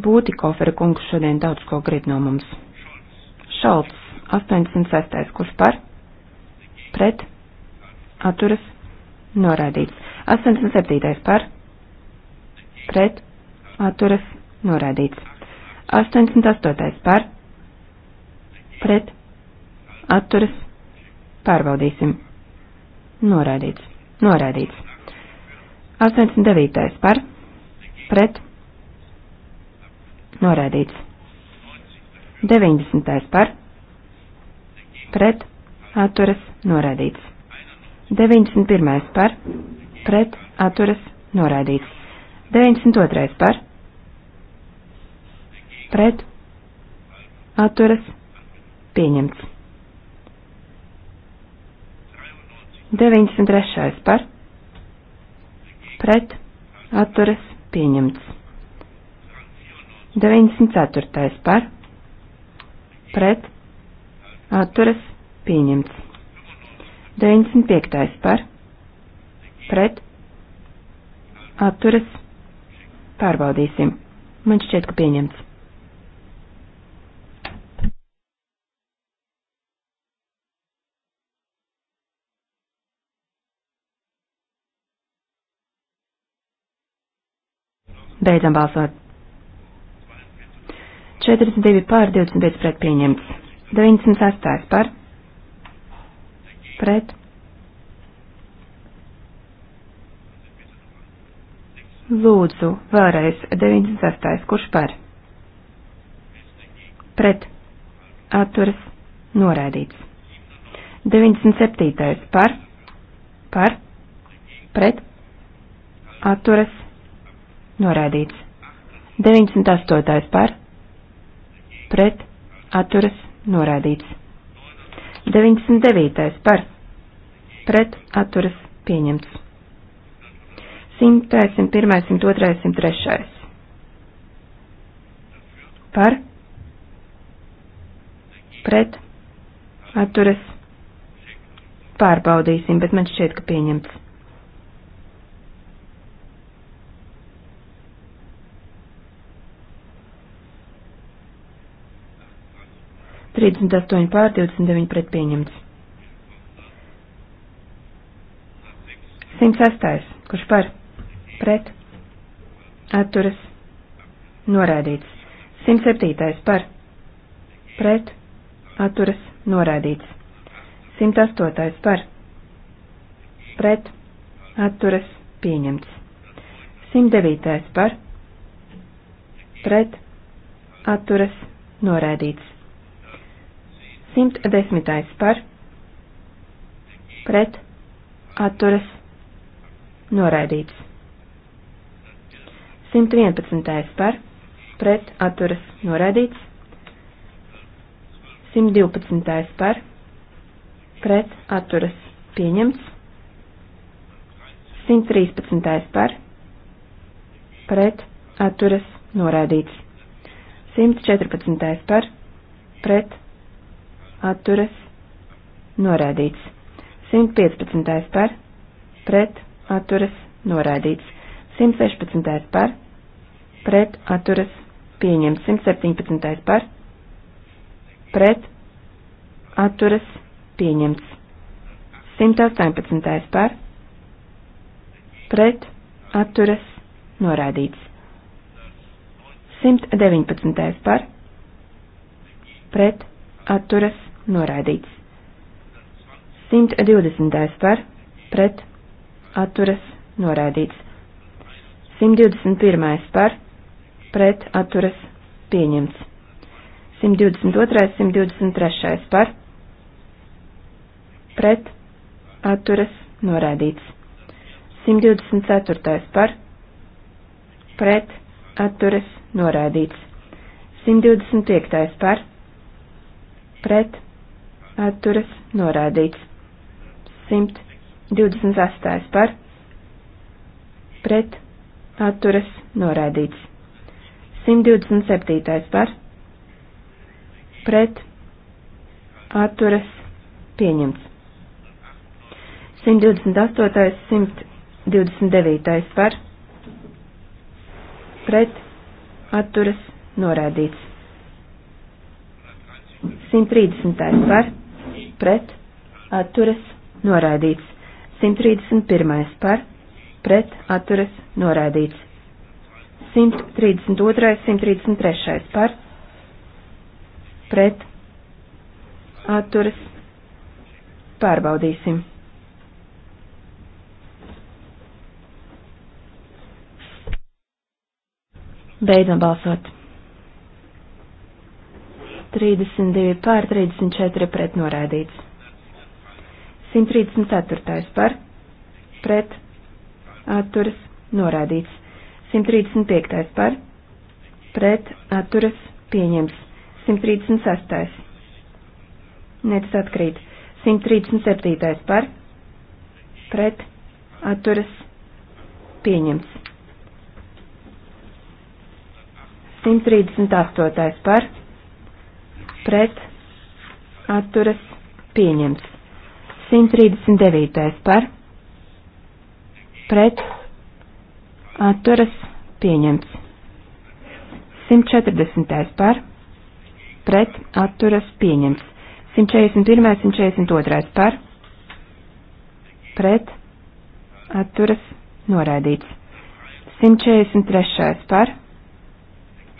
Speaker 2: Būtikofera kungs šodien daudz ko grib no mums. Šalts, 86. kurš par? Pret? Atturas? Norādīts. 87. par? Pret? Atturas? Norādīts. 88. par? Pret? Atturas? Pārbaudīsim. Norādīts. Norādīts. 89. par? Pret? Norādīts. 90. par. Pret. Atturas. Norādīts. 91. par. Pret. Atturas. Norādīts. 92. par. Pret. Atturas. Pieņemts. 93. par. Pret. Atturas. Pieņemts. 94. par pret atturas pieņemts. 95. par pret atturas pārbaudīsim. Man šķiet, ka pieņemts. Beidzam balsot. 42 pār 25 pret pieņemts. 98 par pret. Lūdzu, vēlreiz 98. Kurš par? Pret. Atturas. Norādīts. 97. Par. Par. Pret. Atturas. Norādīts. 98. Par pret atturas norādīts. 99. par pret atturas pieņemts. 100, 101, 102, 103. par pret atturas pārbaudīsim, bet man šķiet, ka pieņemts. 38 pār 29 pret pieņemts. 106. Kurš par? Pret. Atturas. Norādīts. 107. Par. Pret. Atturas. Norādīts. 108. Par. Pret. Atturas. Pieņemts. 109. Par. Pret. Atturas. Norādīts. 110. par pret atturas noraidīts. 111. par pret atturas noraidīts. 112. par pret atturas pieņemts. 113. par pret atturas noraidīts. 114. par pret atturas, norādīts. 115. par, pret, atturas, norādīts. 116. par, pret, atturas, pieņemts. 117. par, pret, atturas, pieņemts. 118. par, pret, atturas, norādīts. 119. par, pret, atturas, noraidīts. 120. par pret atturas noraidīts. 121. par pret atturas pieņemts. 122. 123. par pret atturas noraidīts. 124. par pret atturas noraidīts. 125. par pret atturas norādīts. 128 par pret atturas norādīts. 127 par pret atturas pieņemts. 128, 129 par pret atturas norādīts. 130 par pret pret, atturas, noraidīts. 131. par, pret, atturas, noraidīts. 132. 133. par, pret, atturas, pārbaudīsim. Beidzam balsot. 32 pār 34 pret noraidīts. 134 par pret atturas noraidīts. 135 par pret atturas pieņems. 136. Nē, tas atkrīt. 137 par pret atturas pieņems. 138 par pret pret atturas pieņemts. 139. par pret atturas pieņemts. 140. par pret atturas pieņemts. 141. 142. par pret atturas noraidīts. 143. par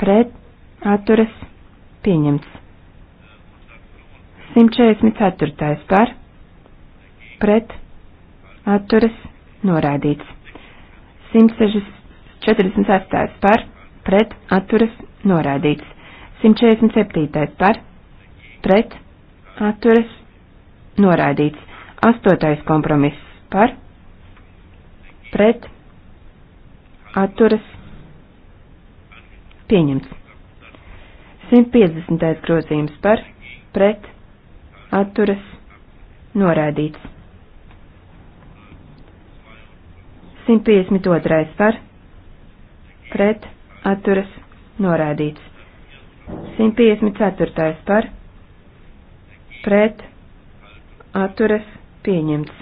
Speaker 2: pret atturas pieņemts. 144. par pret atturas norādīts. 146. par pret atturas norādīts. 147. par pret atturas norādīts. 8. kompromiss par pret atturas pieņemts. 150. grozījums par pret atturas norādīts. 152. par pret atturas norādīts. 154. par pret atturas pieņemts.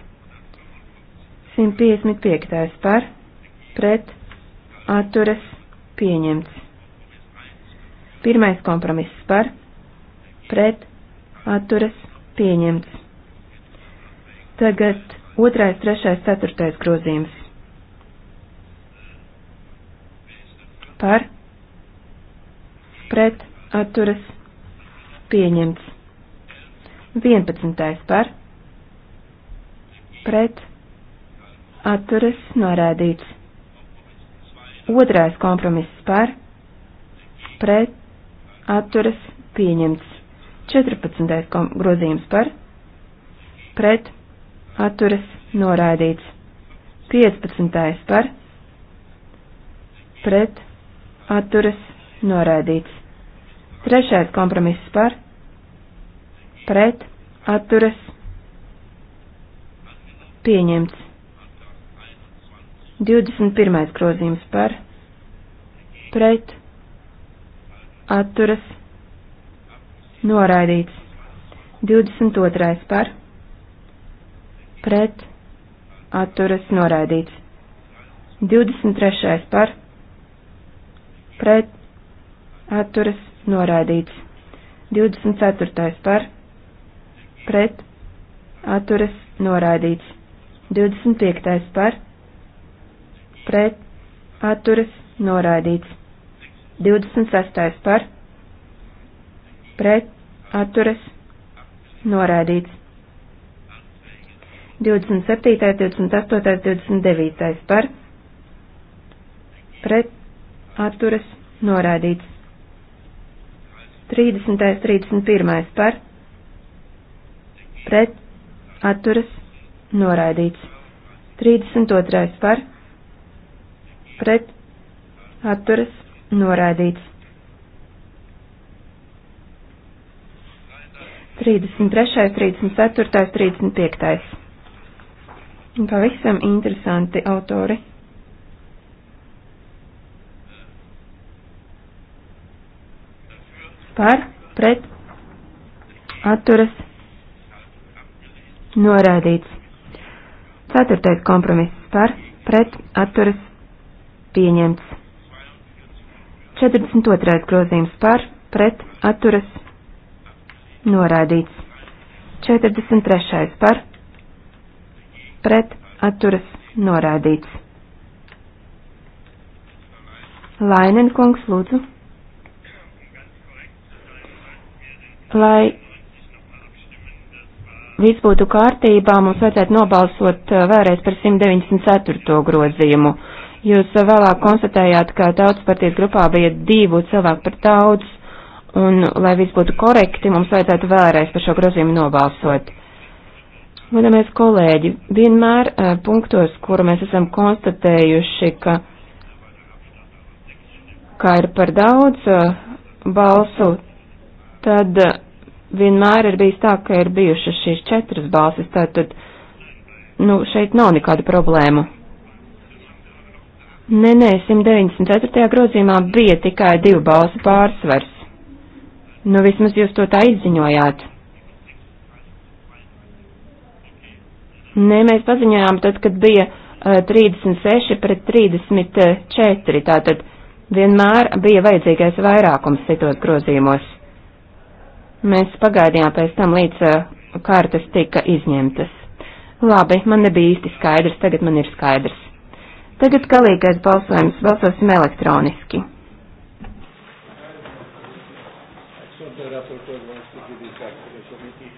Speaker 2: 155. par pret atturas pieņemts. Pirmais kompromiss par pret atturas pieņemts. Tagad otrais, trešais, ceturtais grozījums. Par, pret, atturas, pieņemts. 11. par, pret, atturas, norādīts. Otrais kompromiss par, pret, atturas, pieņemts. 14. grozījums par, pret, atturas, noraidīts. 15. par, pret, atturas, noraidīts. 3. kompromiss par, pret, atturas, pieņemts. 21. grozījums par, pret, atturas, Noraidīts. 22. par. Pret. Atturas noraidīts. 23. par. Pret. Atturas noraidīts. 24. par. Pret. Atturas noraidīts. 25. par. Pret. Atturas noraidīts. 26. par pret, atturas, noraidīts. 27., 28., 29. par, pret, atturas, noraidīts. 30., 31. par, pret, atturas, noraidīts. 32. par, pret, atturas, noraidīts. 33., 34., 35. Pavisam interesanti autori. Par, pret, atturas, norādīts. Ceturtais kompromiss par, pret, atturas, pieņemts. 42. grozījums par, pret, atturas, Noraidīts. 43. par. Pret atturas noraidīts. Lainen kungs lūdzu. Lai viss būtu kārtībā, mums vajadzētu nobalsot uh, vēlreiz par 194. grozījumu. Jūs uh, vēlāk konstatējāt, ka tautas partijas grupā bija divu cilvēku par daudz. Un, lai viss būtu korekti, mums vajadzētu vēlreiz par šo grozījumu nobalsot. Godamies kolēģi, vienmēr uh, punktos, kuru mēs esam konstatējuši, ka, ka ir par daudz uh, balsu, tad uh, vienmēr ir bijis tā, ka ir bijušas šīs četras balsis, tātad, nu, šeit nav nekāda problēma. Nē, nē, 194. grozījumā bija tikai divu balsu pārsvars. Nu, vismaz jūs to tā izziņojāt. Nē, mēs paziņojām tad, kad bija uh, eh, 36 pret 34, tātad vienmēr bija vajadzīgais vairākums citos grozījumos. Mēs pagaidījām pēc tam, līdz uh, eh, kārtas tika izņemtas. Labi, man nebija īsti skaidrs, tagad man ir skaidrs. Tagad galīgais balsojums, balsosim elektroniski.
Speaker 1: the rapporteur wants to give it back to the committee.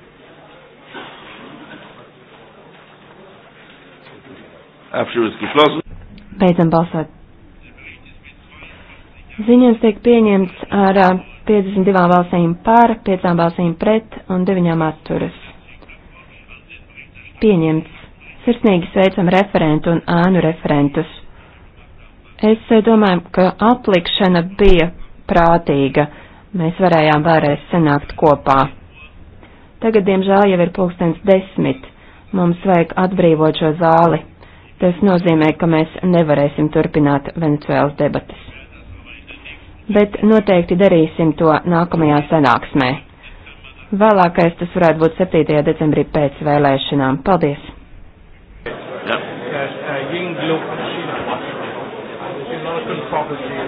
Speaker 1: Apšķirības geschlossen. Beidzam balsot.
Speaker 2: Ziņojums tiek pieņemts ar 52 balsīm pār, 5 balsīm pret un 9 atturas. Pieņemts. Sirsnīgi sveicam referentu un ānu referentus. Es eh, domāju, ka atlikšana bija prātīga mēs varējām vēlreiz sanākt kopā. Tagad, diemžēl, jau ir pulkstens desmit. Mums vajag atbrīvot šo zāli. Tas nozīmē, ka mēs nevarēsim turpināt Venecuēlas debatas. Bet noteikti darīsim to nākamajā sanāksmē. Vēlākais tas varētu būt 7. decembrī pēc vēlēšanām. Paldies! Ja. Uh, uh,